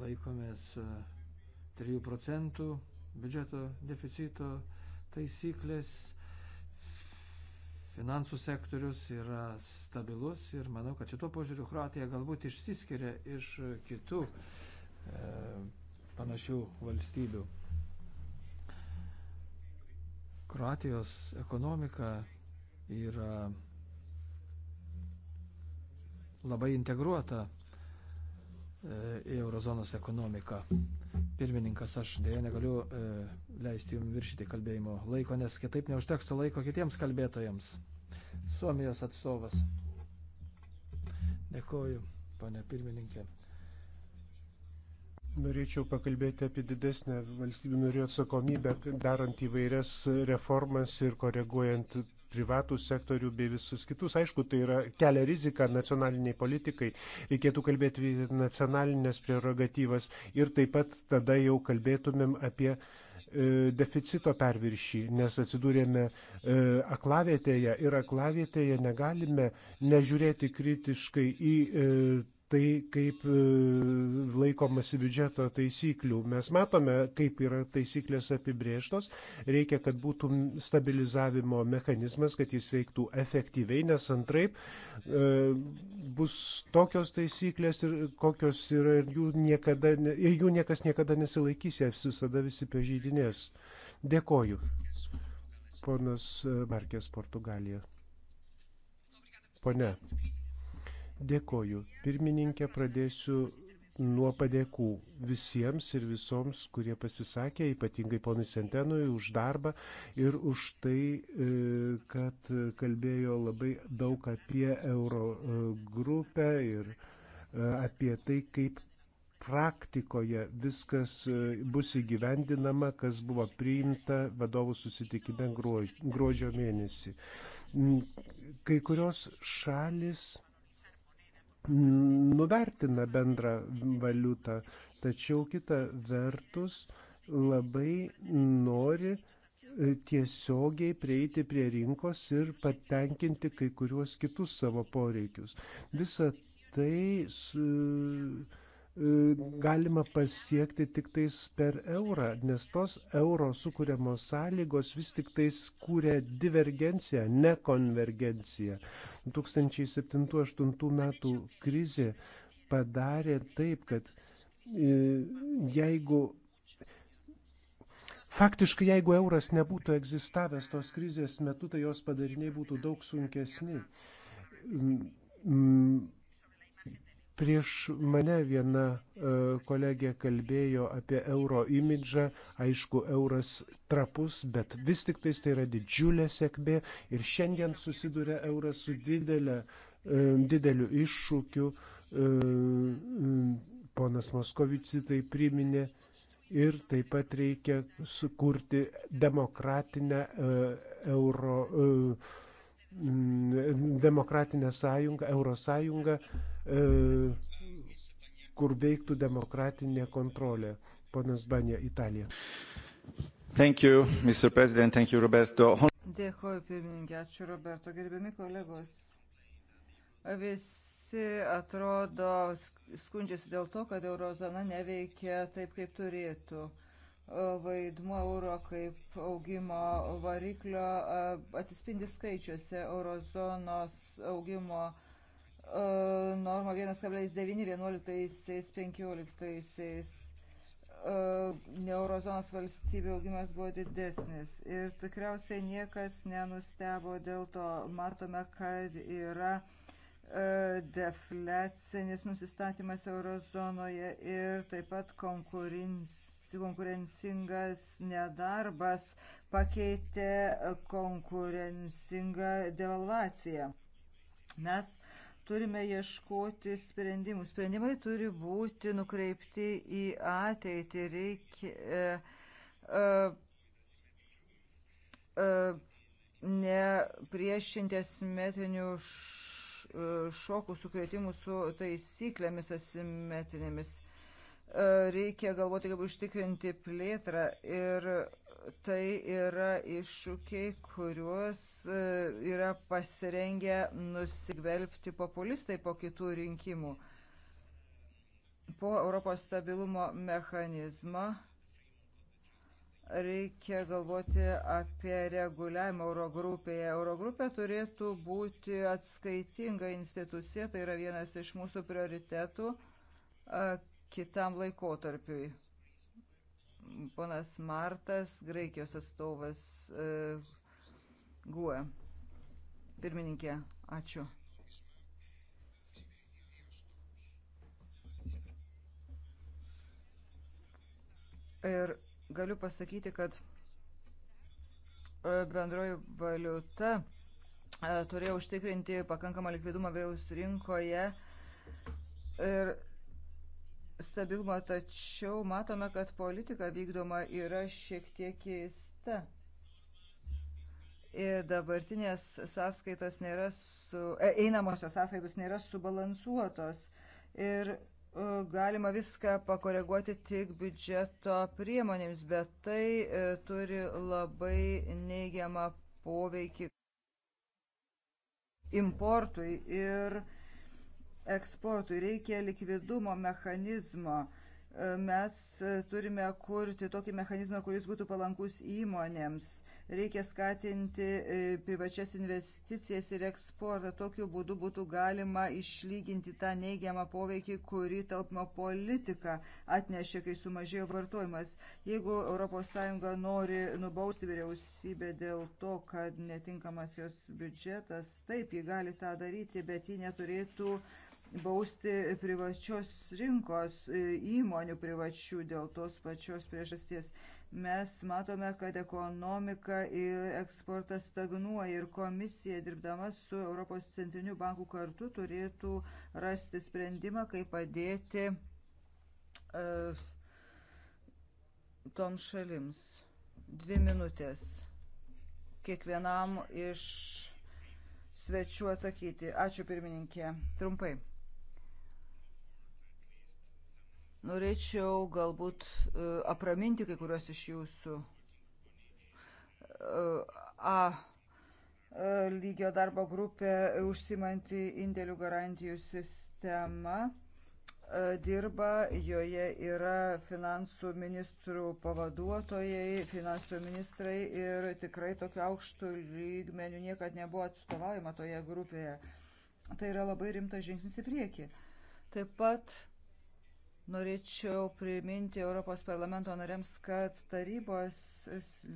C: Laikomės 3 e, procentų biudžeto deficito taisyklės. Finansų sektorius yra stabilus ir manau, kad šito požiūriu Kroatija galbūt išsiskiria iš kitų e, panašių valstybių. Kroatijos ekonomika yra labai integruota e, į eurozonos ekonomiką. Pirmininkas, aš dėja negaliu e, leisti jums viršyti kalbėjimo laiko, nes kitaip neužteks to laiko kitiems kalbėtojams. Suomijos atstovas. Dėkoju, pane pirmininkė.
A: Norėčiau pakalbėti apie didesnę valstybių narių atsakomybę, darant įvairias reformas ir koreguojant privatų sektorių bei visus kitus. Aišku, tai yra kelia rizika nacionaliniai politikai. Reikėtų kalbėti apie nacionalinės prerogatyvas ir taip pat tada jau kalbėtumėm apie e, deficito perviršį, nes atsidūrėme e, aklavietėje ir aklavietėje negalime nežiūrėti kritiškai į e, tai, kaip e, laikomasi biudžeto taisyklių. Mes matome, kaip yra taisyklės apibrėžtos. Reikia, kad būtų stabilizavimo mechanizmas, kad jis veiktų efektyviai, nes antraip e, bus tokios taisyklės, ir kokios yra ir jų, niekada, ir jų niekas niekada nesilaikys, jas visada visi pažydinės. Dėkoju. Ponas e, Markės Portugalija. Pone. Dėkoju. Pirmininkė, pradėsiu nuo padėkų visiems ir visoms, kurie pasisakė, ypatingai ponui Sentenui, už darbą ir už tai, e, kad kalbėjo labai daug apie euro e, grupę ir e, apie tai, kaip praktikoje viskas bus įgyvendinama, kas buvo priimta vadovų susitikime gruodžio mėnesį. Kai kurios šalis nuvertina bendrą valiutą, tačiau kita vertus labai nori e, tiesiogiai prieiti prie rinkos ir patenkinti kai kuriuos kitus savo poreikius. Visa tai su, galima pasiekti tik tais per eurą, nes tos euro sukūriamos sąlygos vis tik tais kūrė divergenciją, ne konvergenciją. 2007-2008 metų krizė padarė taip, kad e, jeigu Faktiškai, jeigu euras nebūtų egzistavęs tos krizės metu, tai jos padariniai būtų daug sunkesni. Prieš mane viena e, kolegė kalbėjo apie euro imidžą, aišku, euras trapus, bet vis tik tai tai yra didžiulė sėkmė ir šiandien susiduria euras su didelė, e, dideliu iššūkiu. E, ponas Moskovici tai priminė ir taip pat reikia sukurti demokratinę euro, demokratinę sąjungą, euro sąjungą E, kur veiktų demokratinė kontrolė. Ponas Banė, Italija.
D: Thank you, Mr. President, thank you, Roberto.
B: Dėkoju, pirmininkė, ačiū, Roberto. Gerbiami kolegos, visi atrodo skundžiasi dėl to, kad eurozona neveikia taip, kaip turėtų vaidmuo euro kaip augimo variklio atsispindi skaičiuose eurozonos augimo E, norma 1,9-11-15. E, neurozonos valstybių augimas buvo didesnis ir tikriausiai niekas nenustebo dėl to. Matome, kad yra e, deflecinis nusistatymas eurozonoje ir taip pat konkurencingas nedarbas pakeitė konkurencingą devalvaciją. Mes uh, turime ieškoti sprendimų. Sprendimai turi būti nukreipti į ateitį. Reikia e, e, e nepriešinti asimetrinių šokų sukretimų su taisyklėmis asimetrinėmis. E, reikia galvoti, kaip užtikrinti plėtrą ir tai yra iššūkiai, kuriuos e, yra pasirengę nusigvelbti populistai po kitų rinkimų. Po Europos stabilumo mechanizmo reikia galvoti apie reguliavimą Eurogrupėje. Eurogrupė turėtų būti atskaitinga institucija, tai yra vienas iš mūsų prioritetų e, kitam laikotarpiui ponas Martas, Graikijos atstovas e, Guo. Pirmininkė, ačiū. Ir galiu pasakyti, kad e, bendroji valiuta e, turėjo užtikrinti pakankamą likvidumą vėjaus rinkoje ir stabilumą, tačiau matome, kad politika vykdoma yra šiek tiek keista. Ir dabartinės sąskaitos nėra su, e, einamosios sąskaitos nėra subalansuotos. Ir e, galima viską pakoreguoti tik biudžeto priemonėms, bet tai e, turi labai neigiamą poveikį importui ir uh, eksportui. Reikia likvidumo mechanizmo. E, mes e, turime kurti tokį mechanizmą, kuris būtų palankus įmonėms. Reikia skatinti e, privačias investicijas ir eksportą. Tokiu būdu būtų galima išlyginti tą neigiamą poveikį, kurį taupimo politika atnešė, kai sumažėjo vartojimas. Jeigu ES nori nubausti vyriausybę dėl to, kad netinkamas jos biudžetas, taip, ji gali tą daryti, bet ji neturėtų uh, bausti privačios rinkos e, įmonių privačių dėl tos pačios priežasties. Mes matome, kad ekonomika ir eksportas stagnuoja ir komisija, dirbdama su Europos centriniu banku kartu, turėtų rasti sprendimą, kaip padėti uh, toms šalims. Dvi minutės kiekvienam iš svečių atsakyti. Ačiū pirmininkė. Trumpai. Norėčiau galbūt e, apraminti kai kuriuos iš jūsų. E, A e, lygio darbo grupė užsimanti indėlių garantijų sistemą dirba, joje yra finansų ministrų pavaduotojai, finansų ministrai ir tikrai tokiu aukštu lygmeniu niekad nebuvo atstovaujama toje grupėje. Tai yra labai rimtas žingsnis į priekį. Taip pat Norėčiau priminti Europos parlamento nariams, kad tarybos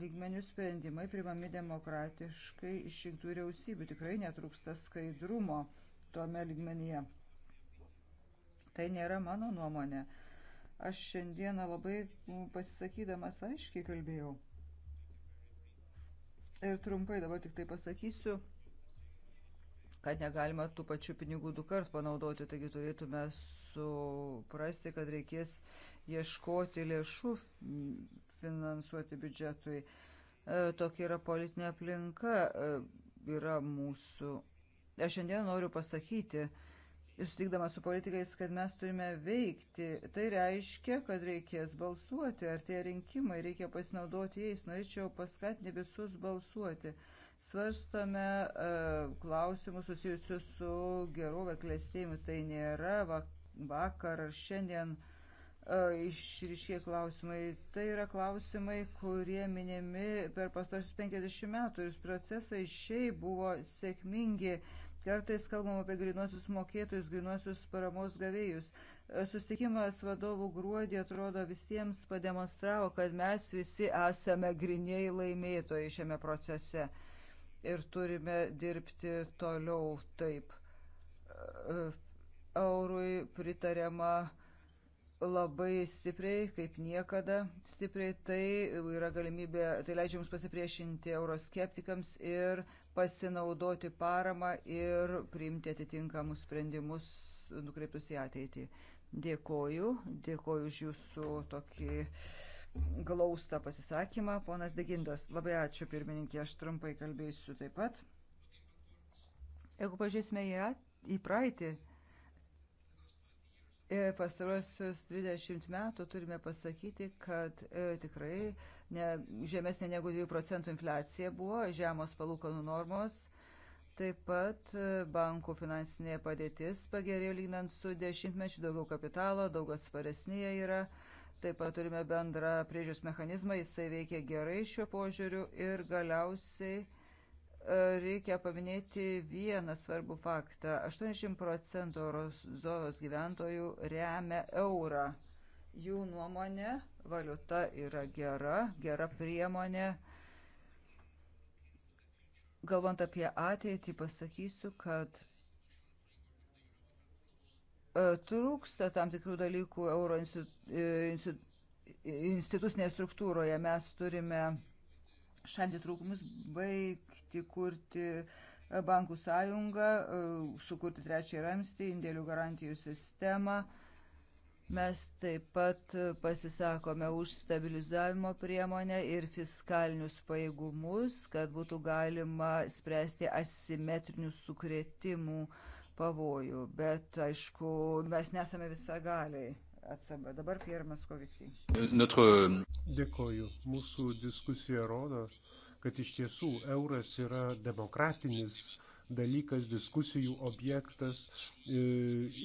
B: lygmenių sprendimai primami demokratiškai išrinktų vyriausybių. Tikrai netrūksta skaidrumo tuome lygmenyje. Tai nėra mano nuomonė. Aš šiandieną labai pasisakydamas aiškiai kalbėjau. Ir trumpai dabar tik tai pasakysiu kad negalima tų pačių pinigų du kart panaudoti, taigi turėtume suprasti, kad reikės ieškoti lėšų finansuoti biudžetui. E, tokia yra politinė aplinka, e, yra mūsų. Aš šiandien noriu pasakyti, sutikdama su politikais, kad mes turime veikti. Tai reiškia, kad reikės balsuoti, ar tie rinkimai reikia pasinaudoti jais. Norėčiau paskatinti visus balsuoti. Uh, Svarstome e, klausimus susijusius su gerovė klėstėjimu. Tai nėra vakar ar šiandien e, išriškė klausimai. Tai yra klausimai, kurie minimi per pastarsius 50 metų ir procesai šiai buvo sėkmingi. Kartais kalbam apie grinuosius mokėtojus, grinuosius paramos gavėjus. E, Sustikimas vadovų gruodį atrodo visiems pademonstravo, kad mes visi esame grinieji laimėtojai šiame procese ir turime dirbti toliau taip. E, eurui pritariama labai stipriai, kaip niekada stipriai. Tai yra galimybė, tai leidžia mums pasipriešinti euroskeptikams ir pasinaudoti paramą ir priimti atitinkamus sprendimus nukreiptus į ateitį. Dėkoju, dėkoju už jūsų tokį glaustą pasisakymą. Ponas Degindos, labai ačiū pirmininkė, aš trumpai kalbėsiu taip pat. Jeigu pažiūrėsime į praeitį, e, pastaruosius 20 metų turime pasakyti, kad e, tikrai ne, žemesnė negu 2 procentų infliacija buvo, žemos palūkanų normos, taip pat e, bankų finansinė padėtis pagerėjo lygnant su dešimtmečiu, daugiau kapitalo, daug atsparesnėje yra. E, Taip pat turime bendrą priežiūros mechanizmą, jisai veikia gerai šiuo požiūriu ir galiausiai e, reikia paminėti vieną svarbų faktą. 80 procentų eurozonos gyventojų remia eurą. Jų nuomonė, valiuta yra gera, gera priemonė. Galvant apie ateitį, pasakysiu, kad E, trūksta tam tikrų dalykų euro e, institucinėje struktūroje. Mes turime šaldyti trūkumus, baigti kurti e, bankų sąjungą, sukurti trečią ramstį, indėlių garantijų sistemą. Mes taip pat pasisakome už stabilizavimo priemonę ir fiskalinius pajėgumus, kad būtų galima spręsti asimetrinių sukretimų uh, pavojų, bet aišku, mes nesame visagaliai. ACB. Dabar Pierre Maskovisi.
A: Notre... Dėkoju. Mūsų diskusija rodo, kad iš tiesų euras yra demokratinis dalykas, diskusijų objektas e,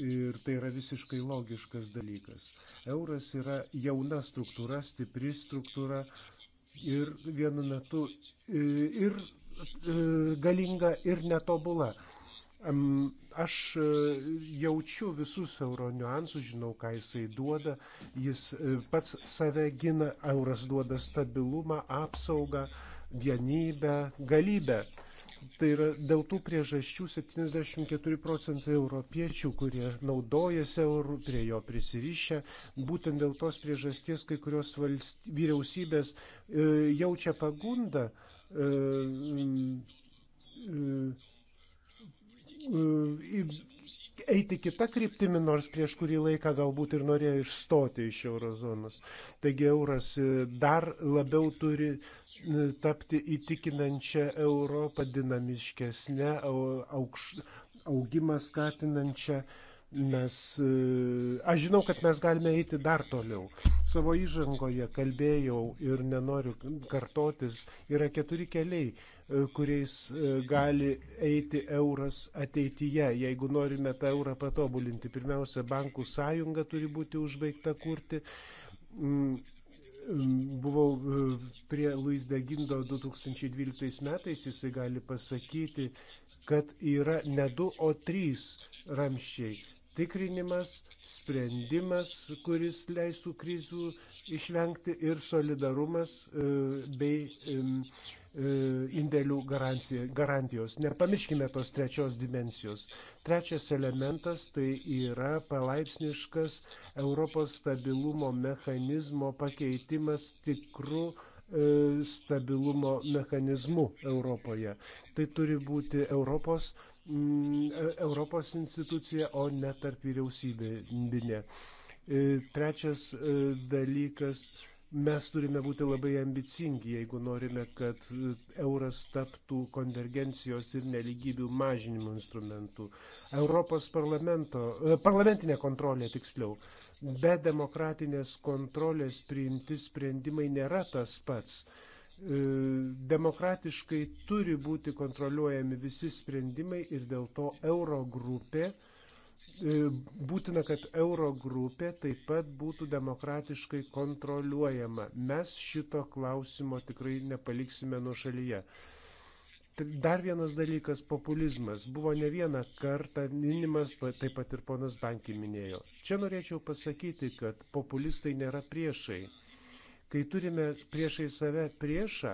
A: ir tai yra visiškai logiškas dalykas. Euras yra jauna struktūra, stipri struktūra ir vienu metu e, ir e, galinga ir netobula. Aš e, jaučiu visus euro niuansus, žinau, ką jisai duoda. Jis e, pats save gina, euras duoda stabilumą, apsaugą, vienybę, galybę. Tai yra dėl tų priežasčių 74 procentai europiečių, kurie naudojasi eurų, prie jo prisirišę, būtent dėl tos priežasties kai kurios valst... vyriausybės e, jaučia pagundą. E, e, eiti kitą kryptimį, nors prieš kurį laiką galbūt ir norėjo išstoti iš eurozonos. Taigi euras e, dar labiau turi e, tapti įtikinančią Europą dinamiškesnę, aukš, augimą skatinančią mes, e, aš žinau, kad mes galime eiti dar toliau. Savo įžangoje kalbėjau ir nenoriu kartotis, yra keturi keliai, e, kuriais e, gali eiti euras ateityje, jeigu norime tą eurą patobulinti. Pirmiausia, bankų sąjunga turi būti užbaigta kurti. Mm, buvau prie Luis de Gindo 2012 metais, jisai gali pasakyti, kad yra ne du, o trys ramščiai tikrinimas, sprendimas, kuris leistų krizių išvengti ir solidarumas e, bei e, indėlių garantijos. Nepamirškime tos trečios dimensijos. Trečias elementas tai yra palaipsniškas Europos stabilumo mechanizmo pakeitimas tikru e, stabilumo mechanizmu Europoje. Tai turi būti Europos Mm, e, Europos institucija, o ne tarp vyriausybinė. E, trečias e, dalykas mes turime būti labai ambicingi, jeigu norime, kad euras taptų konvergencijos ir neligybių mažinimo instrumentų. Europos parlamentinė kontrolė tiksliau. Be demokratinės kontrolės priimti sprendimai nėra tas pats. E, demokratiškai turi būti kontroliuojami visi sprendimai ir dėl to euro grupė, e, būtina, kad euro grupė taip pat būtų demokratiškai kontroliuojama. Mes šito klausimo tikrai nepaliksime nuo šalyje. Dar vienas dalykas - populizmas. Buvo ne vieną kartą minimas, taip pat ir ponas Dankį minėjo. Čia norėčiau pasakyti, kad populistai nėra priešai Kai turime priešai save priešą,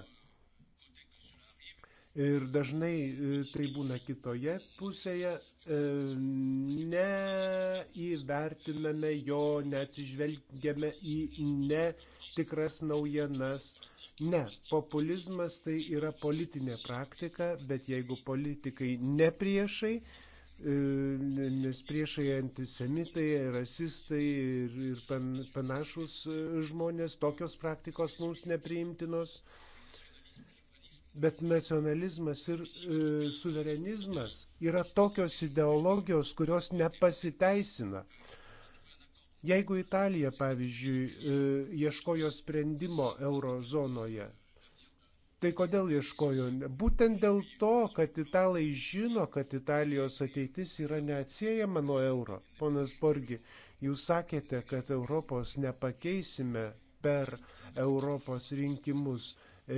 A: ir dažnai e, tai būna kitoje pusėje, e, neįvertiname jo, neatsižvelgiame į netikras naujienas. Ne, populizmas tai yra politinė praktika, bet jeigu politikai ne priešai, nes priešai antisemitai, rasistai ir, ir pan, panašus e, žmonės, tokios praktikos mums nepriimtinos. Bet nacionalizmas ir e, suverenizmas yra tokios ideologijos, kurios nepasiteisina. Jeigu Italija, pavyzdžiui, e, ieškojo sprendimo eurozonoje, Tai kodėl ieškojo? Būtent dėl to, kad italai žino, kad Italijos ateitis yra neatsiejama nuo euro. Ponas Borgi, jūs sakėte, kad Europos nepakeisime per Europos rinkimus.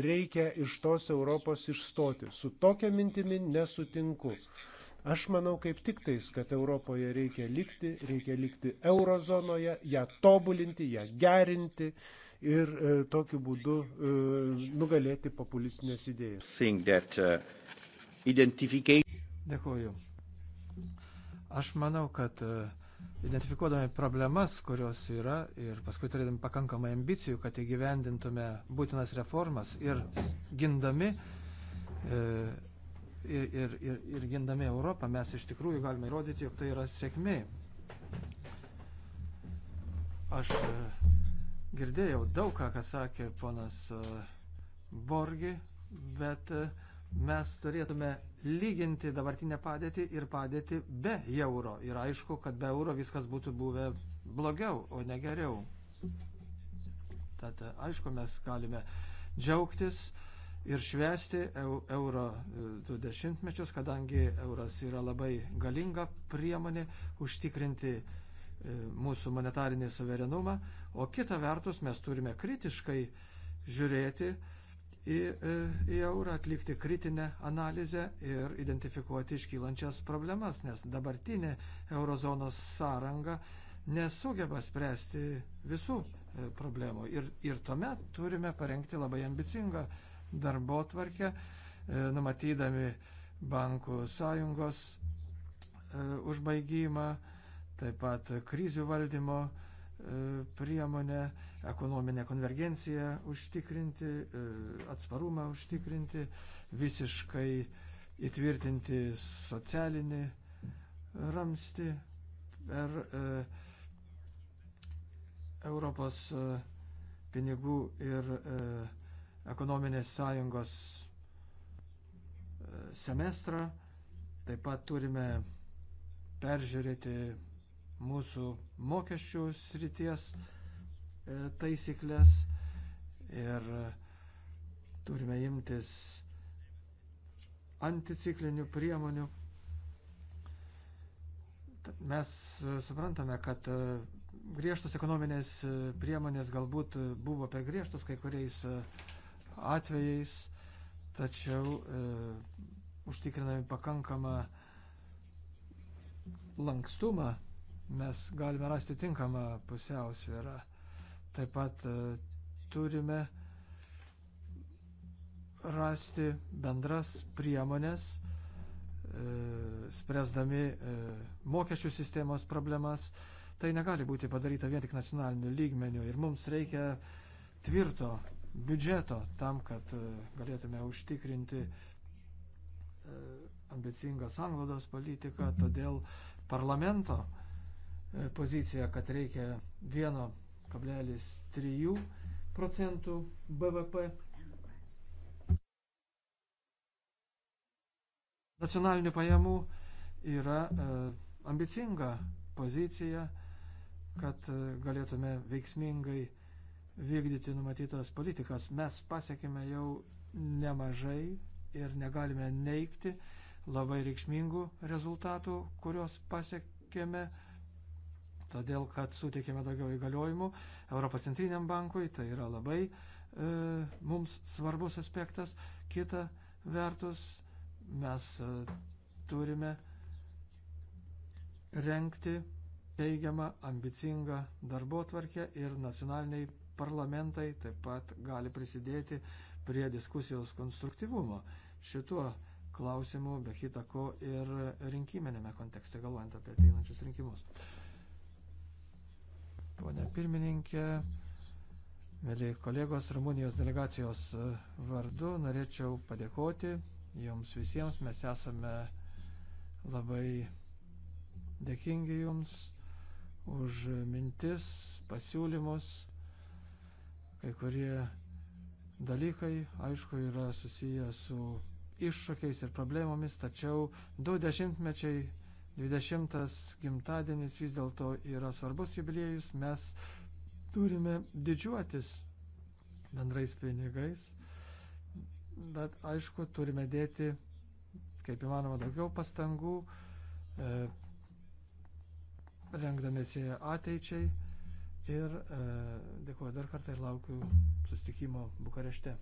A: Reikia iš tos Europos išstoti. Su tokia mintimi nesutinku. Aš manau kaip tik tais, kad Europoje reikia likti, reikia likti eurozonoje, ją tobulinti, ją gerinti. Uh, ir e, tokiu būdu e, nugalėti populistinės idėjas. Uh, Dėkuoju.
C: Aš manau, kad e, identifikuodami problemas, kurios yra ir paskui turėdami pakankamai ambicijų, kad įgyvendintume būtinas reformas ir gindami e, ir, ir, ir, ir gindami Europą, mes iš tikrųjų galime įrodyti, jog tai yra sėkmė. Aš e, Girdėjau daug ką, ką sakė ponas e, Borgi, bet e, mes turėtume lyginti dabartinę padėtį ir padėtį be euro. Ir aišku, kad be euro viskas būtų buvę blogiau, o ne geriau. Tad e, aišku, mes galime džiaugtis ir švesti euro 20 mečius, kadangi euras yra labai galinga priemonė užtikrinti mūsų monetarinį suverenumą, o kita vertus mes turime kritiškai žiūrėti į, e, į eurą, atlikti kritinę analizę ir identifikuoti iškylančias problemas, nes dabartinė eurozonos sąranga nesugeba spręsti visų e, problemų. Ir, ir tuomet turime parengti labai ambicingą darbo tvarkę, e, numatydami bankų sąjungos užbaigimą, taip pat krizių valdymo e, priemonę, ekonominę konvergenciją užtikrinti, e, atsparumą užtikrinti, visiškai įtvirtinti socialinį ramsti per e, Europos pinigų ir ekonominės sąjungos semestrą. Taip pat turime peržiūrėti mūsų mokesčių srities e, taisyklės ir turime imtis anticiklinių priemonių. Mes e, suprantame, kad e, griežtos ekonominės priemonės galbūt buvo per griežtos kai kuriais atvejais, tačiau e, užtikrinami pakankamą lankstumą mes galime rasti tinkamą pusiausvyrą. Taip pat e, turime rasti bendras priemonės, e, spręsdami e, mokesčių sistemos problemas. Tai negali būti padaryta vien tik nacionaliniu lygmeniu ir mums reikia tvirto biudžeto tam, kad galėtume užtikrinti ambicingą sanglaudos politiką, todėl parlamento uh, poziciją, kad reikia 1,3 procentų BVP. Nacionalinių pajamų yra e, ambicinga pozicija, kad e, galėtume veiksmingai vykdyti numatytas politikas. Mes pasiekime jau nemažai ir negalime neikti labai reikšmingų rezultatų, kurios pasiekėme todėl kad suteikėme daugiau įgaliojimų Europos centriniam bankui, tai yra labai e, mums svarbus aspektas. Kita vertus, mes e, turime renkti teigiamą, ambicingą darbo tvarkę ir nacionaliniai parlamentai taip pat gali prisidėti prie diskusijos konstruktyvumo. Šituo klausimu, be kita ko, ir rinkiminėme kontekste, galvojant apie ateinančius rinkimus ponė pirmininkė. Mėly kolegos, Rumunijos delegacijos e, vardu norėčiau padėkoti jums visiems. Mes esame labai dėkingi jums už mintis, pasiūlymus. Kai kurie dalykai, aišku, yra susiję su iššūkiais ir problemomis, tačiau du dešimtmečiai 20 gimtadienis vis dėlto yra svarbus jubiliejus. Mes turime didžiuotis bendrais pinigais, bet aišku, turime dėti kaip įmanoma daugiau pastangų, e, rengdamėsi ateičiai. Ir e, dėkuoju dar kartą ir laukiu sustikimo Bukarešte.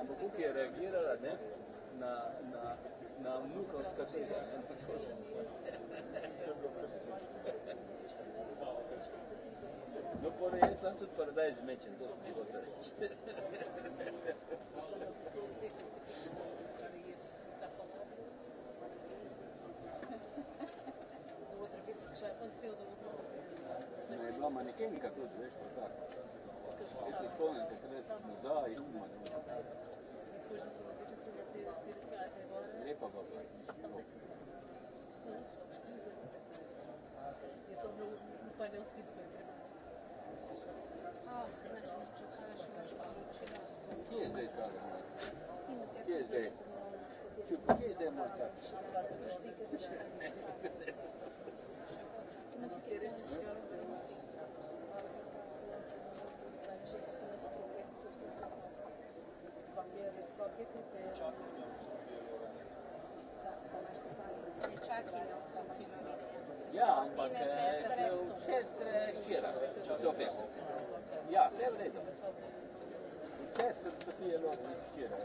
D: ampak kako je reagirala ne, na, na, na vnuka od Katrina. No, pore, jaz sem tudi paradajz zmečen, to sem bilo reči. Je bila manekenka tudi, veš, pa tako. Если исполнится конкретно, да, и ума. Lepa baba. Je to byl panelský dvojkrát. Kje zdaj ta Kje zdaj? Čupa, kje zdaj moj tak? Ne. Ja, ampak vse ščira, vse ofeko. Ja, vse je v redu. Vse ste dobili od ščira.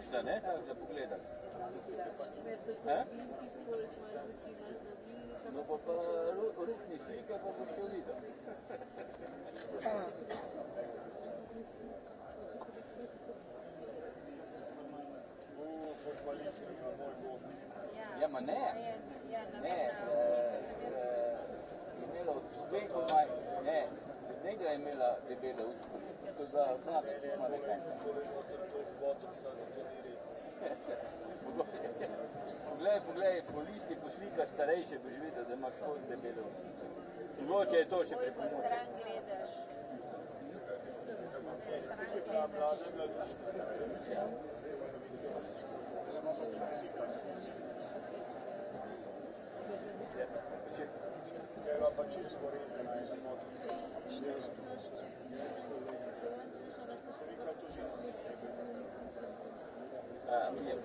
D: нужда, не? Как да погледам. А? Но па, па рухни слика, па го ще видам. Ja, maar nee. Nee. Uh, uh, inmiddels winkel, maar nee. Negra je imela debele usta, to za znate, to ima nekaj. Poglej, poglej, po listi poslika starejše boš videl, da imaš kot debele usta. Mogoče je to še pripomoče. Thank you je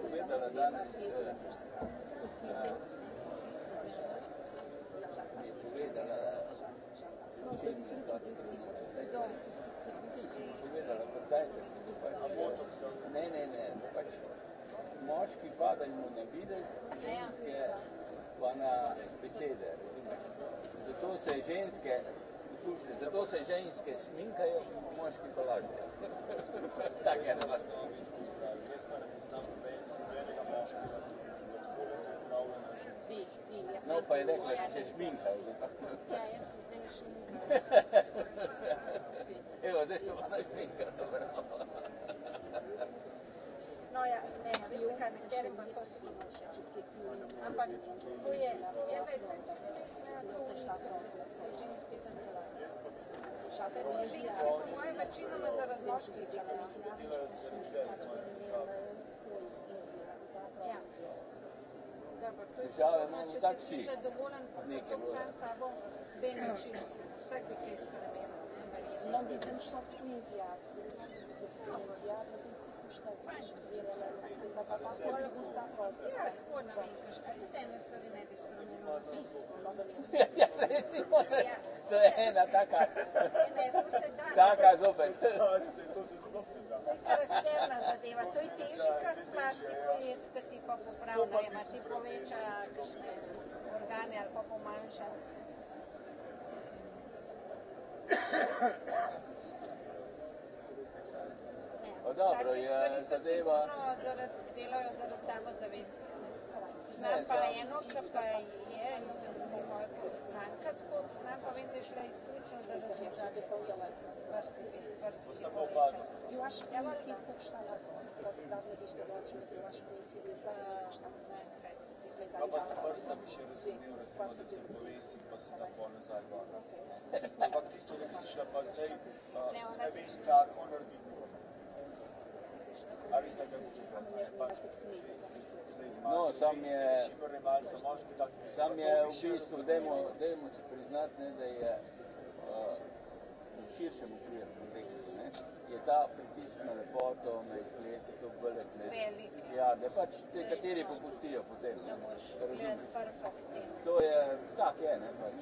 D: povedala danes, mi je povedala, spet mi je dosti trenutno, povedala, pa dajte, pač, ne, ne, ne, pač, moški padajo na videz, ženske bana bir şey der. Zato se ženske, slušajte, zato se ženske šminkajo, moški pa lažejo. Tako je. Jaz pa ne poznam nobenega moškega, ki tako ne upravlja na ženske. No, pa je rekla, da se šminka. Ja, jaz sem zdaj šminka. Evo, zdaj se ona šminka, dobro noja nema, vi ste karakterima sasvim Ampak to je, je več, da težini spet ne delajo. Težini se po mojem večinoma za razložki delajo. Ja. Dobro, to je to, če si ti zadovoljen, potem sam sabo, ben način, vsak bi kaj spremenil. Mnogi sem šla v Indija, v Indija, da sem Ja, dat is niet wat de ena taka. Taka zopet. To se sklopilo. To je karakterna zadeva. To je težje, kot plastiko let, ki ti pa popravlja, ima ti poveča kakšne organe ali pa pomanjša. Pa dobro, je zadeva... Zaradi, delajo zaradi samozavesti. Poznam pa eno, ki pa je, mislim, da je moja poznanka, tako poznam pa vem, da je šla izključno zaradi И ваш комисия купшта на представили што значи за ваш комисија за што Па па се прв сам ше разумел, recimo, da se povesi, pa se da pol nazaj gor. Ampak tisto, da si šla pa zdaj, ne veš, kako narediti No, sam je, sam je u bistvu, dajmo, dajmo si priznat, ne, da je uh, u širšem okviru kontekstu, ne, je ta pritisk na lepoto, na izgled, to velik, ne. Velik. Ja, da pač nekateri popustijo potem, ne, razumem. To je, tak je, ne, pač.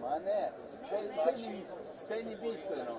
D: Ma ne, saj ni bistveno.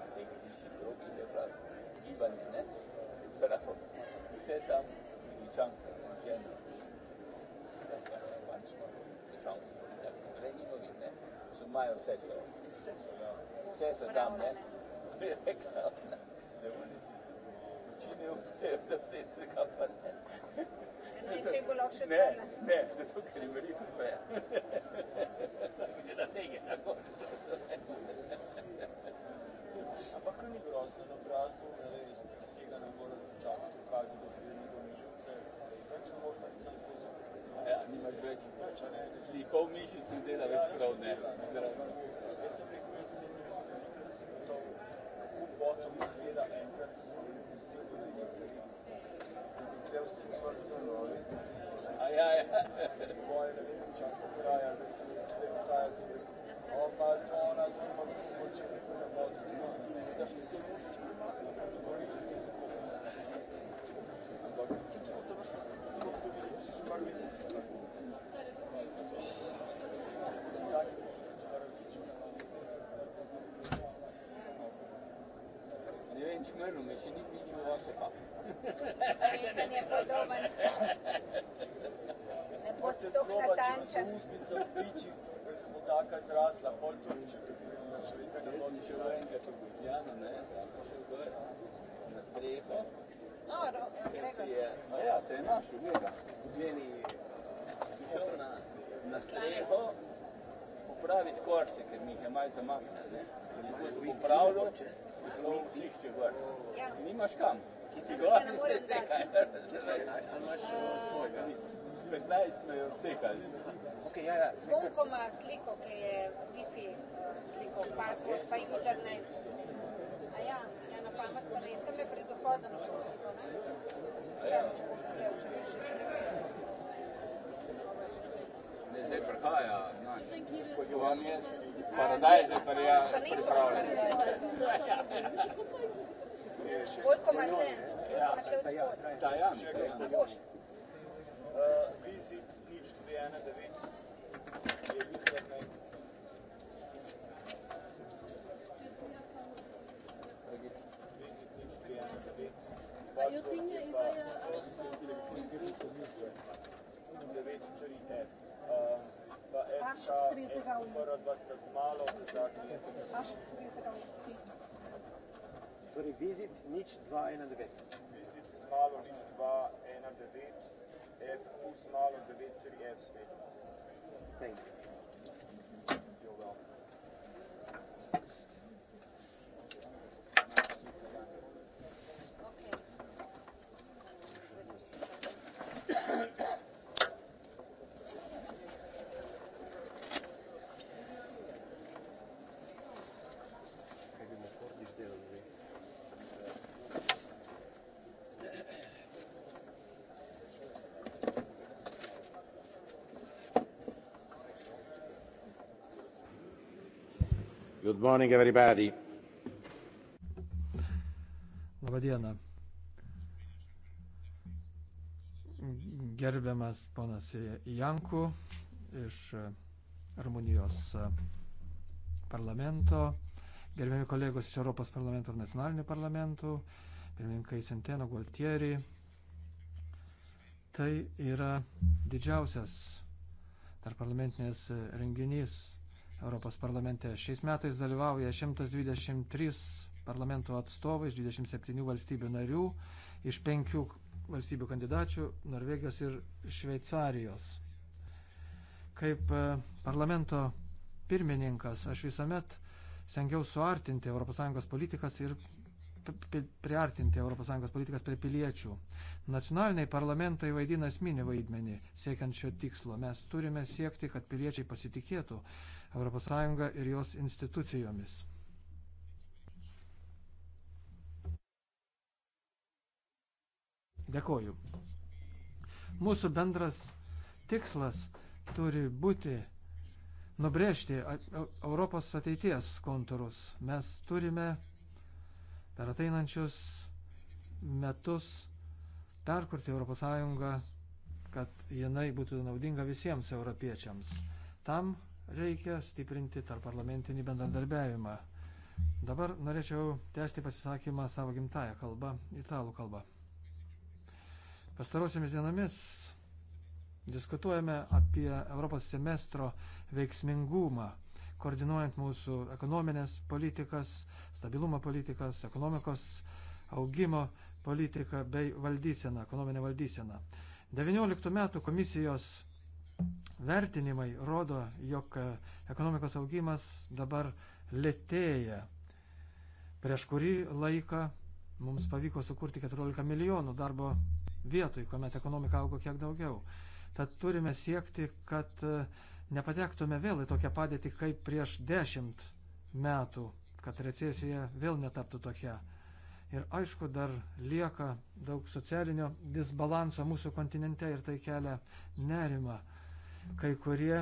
D: bandit, ne? Però se tam diciancă, în genul, se face bani și mă diciam, Lenino vine, sunt mai obseso. Obseso, doamne, direct, de unde sunt? Cine eu vreau să plece ca până? Ne, ne, se tu che rimeri con me. Perché da te che è una cosa. Ampak ni grozno na obrazu, res tega ne more začakati, ukazi bo tudi nekaj živce, več ne moreš več zdaj pozoriti. Ja, nimaš več, več ne, ni pol mišic ne dela več ja, prav, ne. Jaz sem rekel, jaz, jaz sem rekel, jutri sem gotov, kup botom izgleda enkrat, zgodil vsi v nekaj, da bi tle vse zmrzelo, res ne tisto. A ja, ja. Moje ne vem, časa traja, da sem se vtajal, sem rekel, o pa to, ona to, pa to, če ne bo, to, to, to, to, to, to, to, to, nincs mönömesini, nincs hova se kap. Érteni a boldogban. Ne bocs, doktor tánca. Možete probat, če vas usmica v piči, da se bo taka zrasla, pol to niče tako. Should have gone to Sri to Guyana there, that's still good. And the Streco. No, I don't, I can see it. Oh yeah, se ne našu, gleda. Meni bi šel na, na Streco popraviti korce, ker mi jih je malo zamaknil, ne. Ker jih bo popravljal, bo vsišče gor. Nimaš kam. Ki si gor, ne moreš kaj. Imaš svojega. 15 na vseka.
A: Okay, ja, ja, Zvonko
D: ima sliko, ki je Wi-Fi sliko, password pa username. A ja, ja na pamet pa ne, tam je pred vhodom šlo sliko, ne? Ja. Ne, zdaj prihaja naš, kot je vam jaz, paradajz je pripravljen. Vojko Marcen, Vojko Marcen od spod. Da, ja, še kaj. Vizik nič, tudi ena devet je bil zdaj. Vizik nič, tudi ena devet. Pasvord je pa 9.3F. Pa F, K, F, prva dva sta z malo, da zadnji je pa z
A: Torej, vizit nič 219.
D: Vizit z malo nič 219 е, какво се налага да ви 3 F Thank you.
B: Good morning, everybody.
C: Labadiena. Gerbiamas ponas Janku iš Rumunijos parlamento, gerbiami kolegos iš Europos parlamento ir nacionalinių parlamentų, pirmininkai Senteno Gualtieri. Tai yra didžiausias tarp parlamentinės renginys Europos parlamente. Šiais metais dalyvauja 123 parlamento atstovai iš 27 valstybių narių, iš penkių valstybių kandidačių - Norvegijos ir Šveicarijos. Kaip e, parlamento pirmininkas aš visuomet stengiau suartinti ES politikas ir priartinti ES politikas prie piliečių. Nacionaliniai parlamentai vaidina esminį vaidmenį siekiant šio tikslo. Mes turime siekti, kad piliečiai pasitikėtų ES ir jos institucijomis. Dėkoju. Mūsų bendras tikslas turi būti nubrėžti Europos ateities kontūrus. Mes turime per ateinančius metus perkurti ES, kad jinai būtų naudinga visiems europiečiams. Tam Reikia stiprinti tarp parlamentinį bendradarbiavimą. Dabar norėčiau tęsti pasisakymą savo gimtają kalbą, italų kalbą. Pastarosiomis dienomis diskutuojame apie Europos semestro veiksmingumą, koordinuojant mūsų ekonominės politikas, stabilumo politikas, ekonomikos augimo politiką bei valdyseną, ekonominę valdyseną. 19 metų komisijos vertinimai rodo, jog e, ekonomikos augimas dabar lėtėja. Prieš kurį laiką mums pavyko sukurti 14 milijonų darbo vietoj, kuomet ekonomika augo kiek daugiau. Tad turime siekti, kad e, nepatektume vėl į tokią padėtį kaip prieš 10 metų, kad recesija vėl netaptų tokia. Ir aišku, dar lieka daug socialinio disbalanso mūsų kontinente ir tai kelia nerima. Kai kurie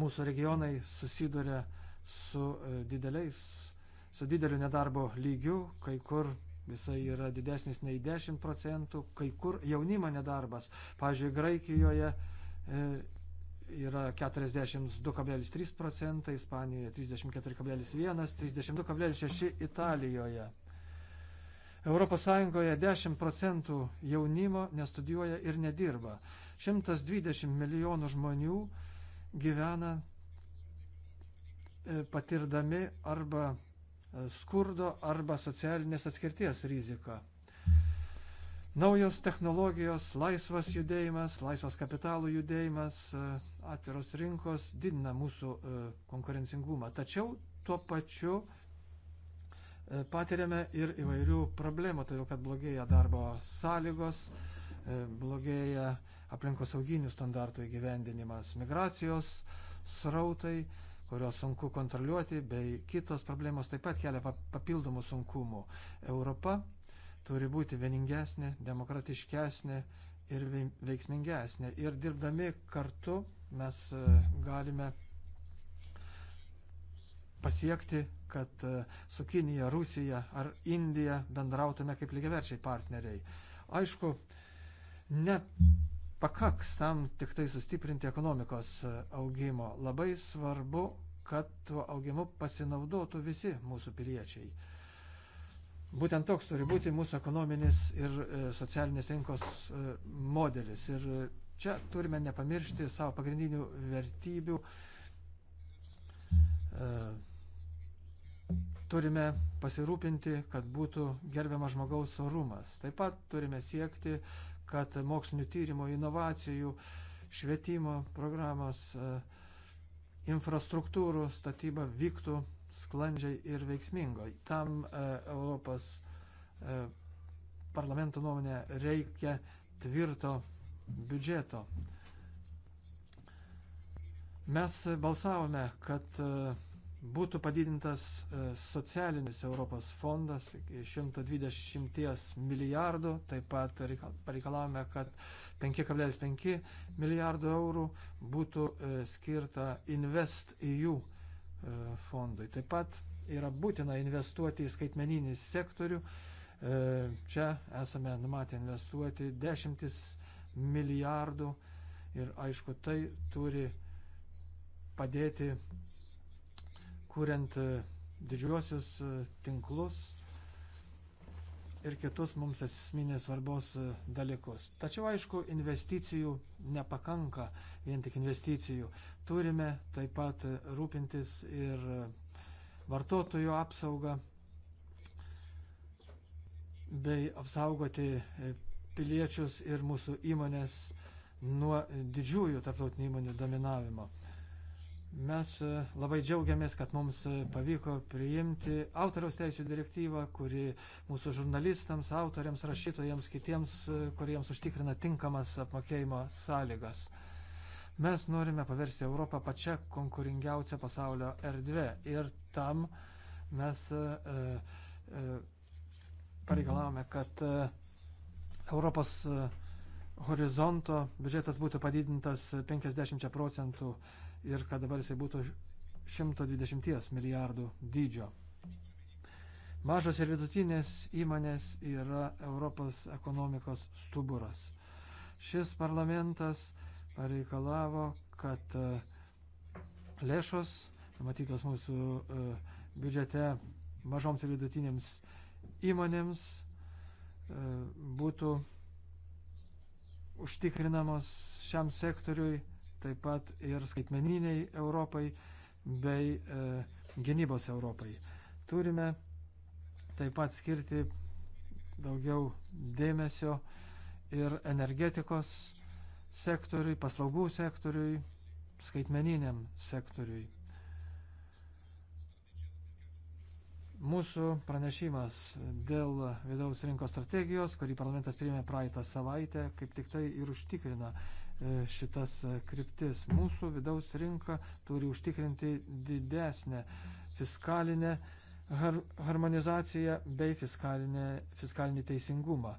C: mūsų regionai susiduria su e, dideliais, su dideliu nedarbo lygiu, kai kur jisai yra didesnis nei 10 procentų, kai kur jaunimo nedarbas. Pavyzdžiui, Graikijoje e, yra 42,3 procentai, Ispanijoje 34,1, 32,6 Italijoje. ES 10 procentų jaunimo nestudijuoja ir nedirba. 120 milijonų žmonių gyvena e, patirdami arba e, skurdo arba socialinės atskirties riziką. Naujos technologijos, laisvas judėjimas, laisvas kapitalų judėjimas, e, atviros rinkos didina mūsų konkurencingumą. Tačiau tuo pačiu uh, E, patiriame ir įvairių problemų, todėl kad blogėja darbo sąlygos, e, blogėja aplinkosauginių standartų įgyvendinimas, migracijos srautai, kurios sunku kontroliuoti, bei kitos problemos taip pat kelia papildomų sunkumų. Europa turi būti vieningesnė, demokratiškesnė ir veiksmingesnė. Ir dirbdami kartu mes e, galime pasiekti kad e, su Kinija, Rusija ar Indija bendrautume kaip lygiaverčiai partneriai. Aišku, nepakaks tam tik tai sustiprinti ekonomikos e, augimo. Labai svarbu, kad tuo augimu pasinaudotų visi mūsų piliečiai. Būtent toks turi būti mūsų ekonominis ir e, socialinis rinkos modelis. Ir čia turime nepamiršti savo pagrindinių vertybių turime pasirūpinti, kad būtų gerbiamas žmogaus orumas. Taip pat turime siekti, kad mokslinio tyrimo, inovacijų, švietimo programos, e, infrastruktūrų statyba vyktų sklandžiai ir veiksmingai. Tam e, Europos e, parlamento nuomonė reikia tvirto biudžeto. Mes balsavome, kad būtų padidintas e, socialinis Europos fondas iki 120 milijardų, taip pat pareikalavome, kad 5,5 milijardų eurų būtų e, skirta Invest EU e, fondui. Taip pat yra būtina investuoti į skaitmeninį sektorių. Čia esame numatę investuoti dešimtis milijardų ir aišku, tai turi padėti kuriant e, didžiuosius e, tinklus ir kitus mums esminės svarbos e, dalykus. Tačiau, aišku, investicijų nepakanka, vien tik investicijų. Turime taip pat rūpintis ir vartotojų apsaugą bei apsaugoti piliečius ir mūsų įmonės nuo didžiųjų tarptautinių įmonių dominavimo. Mes e, labai džiaugiamės, kad mums e, pavyko priimti autoriaus teisų direktyvą, kuri mūsų žurnalistams, autoriams, rašytojams, kitiems, e, kuriems užtikrina tinkamas apmokėjimo sąlygas. Mes norime paversti Europą pačią konkuringiausią pasaulio erdvę ir tam mes e, e, pareikalavome, kad e, Europos e, horizonto biudžetas būtų padidintas 50 procentų ir kad dabar jisai būtų 120 milijardų dydžio. Mažos ir vidutinės įmonės yra Europos ekonomikos stuburas. Šis parlamentas pareikalavo, kad e, lėšos, matytos mūsų e, biudžete mažoms ir vidutinėms įmonėms, e, būtų užtikrinamos šiam sektoriui taip pat ir skaitmeniniai Europai bei e, gynybos Europai. Turime taip pat skirti daugiau dėmesio ir energetikos sektoriui, paslaugų sektoriui, skaitmeniniam sektoriui. Mūsų pranešimas dėl vidaus rinkos strategijos, kurį parlamentas priėmė praeitą savaitę, kaip tik tai ir užtikrina E, šitas e, kryptis. Mūsų vidaus rinka turi užtikrinti didesnę fiskalinę har harmonizaciją bei fiskalinį teisingumą.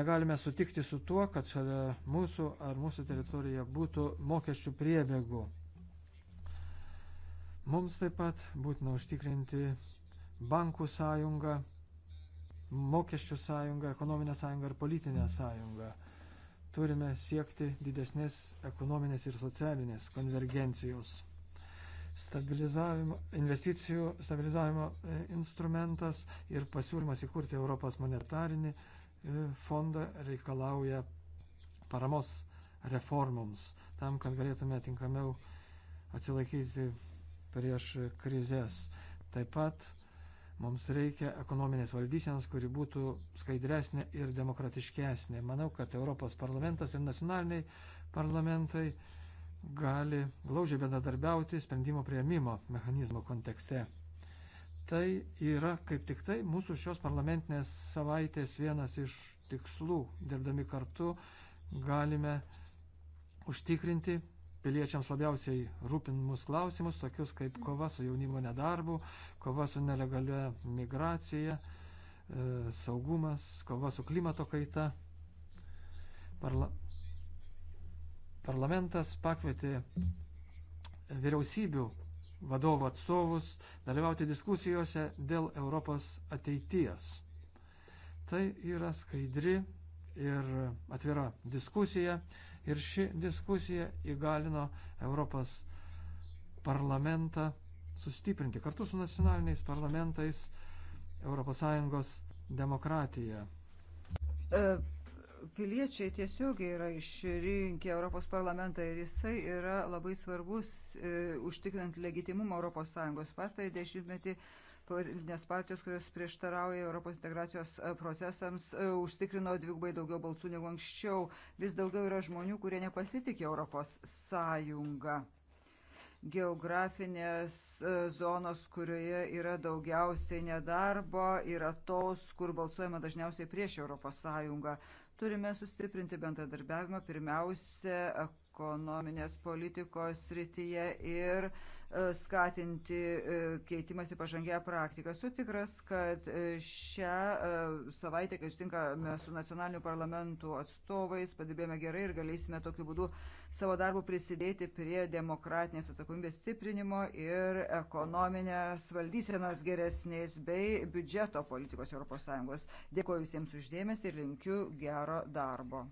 C: Negalime sutikti su tuo, kad šalia mūsų ar mūsų teritorija būtų mokesčių priebėgų. Mums taip pat būtina užtikrinti bankų sąjungą, mokesčių sąjungą, ekonominę sąjungą ir politinę sąjungą turime siekti didesnės ekonominės ir socialinės konvergencijos. Stabilizavimo, investicijų stabilizavimo e, instrumentas ir pasiūlymas įkurti Europos monetarinį e, fondą reikalauja paramos reformoms, tam, kad galėtume tinkamiau atsilaikyti prieš krizės. Taip pat Mums reikia ekonominės valdysenos, kuri būtų skaidresnė ir demokratiškesnė. Manau, kad Europos parlamentas ir nacionaliniai parlamentai gali glaužiai bendradarbiauti sprendimo prieimimo mechanizmo kontekste. Tai yra kaip tik tai mūsų šios parlamentinės savaitės vienas iš tikslų. Dirbdami kartu galime užtikrinti piliečiams labiausiai rūpinimus klausimus, tokius kaip kova su jaunimo nedarbu, kova su nelegalia migracija, e, saugumas, kova su klimato kaita. Parla Parlamentas pakvietė vyriausybių vadovų atstovus dalyvauti diskusijose dėl Europos ateities. Tai yra skaidri ir atvira diskusija Ir ši diskusija įgalino Europos parlamentą sustiprinti kartu su nacionaliniais parlamentais ES demokratiją.
B: E, piliečiai tiesiogiai yra išrinkę Europos parlamentą ir jisai yra labai svarbus e, užtikrinant legitimumą ES. Pastarąjį dešimtmetį e, politinės partijos, kurios prieštarauja Europos integracijos e, procesams, e, užtikrino dvigubai daugiau balsų negu anksčiau. Vis daugiau yra žmonių, kurie nepasitikė Europos Sąjungą. Geografinės e, zonos, kurioje yra daugiausiai nedarbo, yra tos, kur balsuojama dažniausiai prieš Europos Sąjungą turime sustiprinti bendradarbiavimą pirmiausia ekonominės politikos srityje ir e, skatinti e, keitimąsi pažangę praktiką. Esu tikras, kad e, šią savaitę, kai sutinkame su nacionalinių parlamentų atstovais, padirbėjome gerai ir galėsime tokiu būdu savo darbu prisidėti prie demokratinės atsakomybės stiprinimo ir ekonominės valdysenos geresnės bei biudžeto politikos ES. Dėkuoju visiems uždėmesi ir linkiu gero darbo.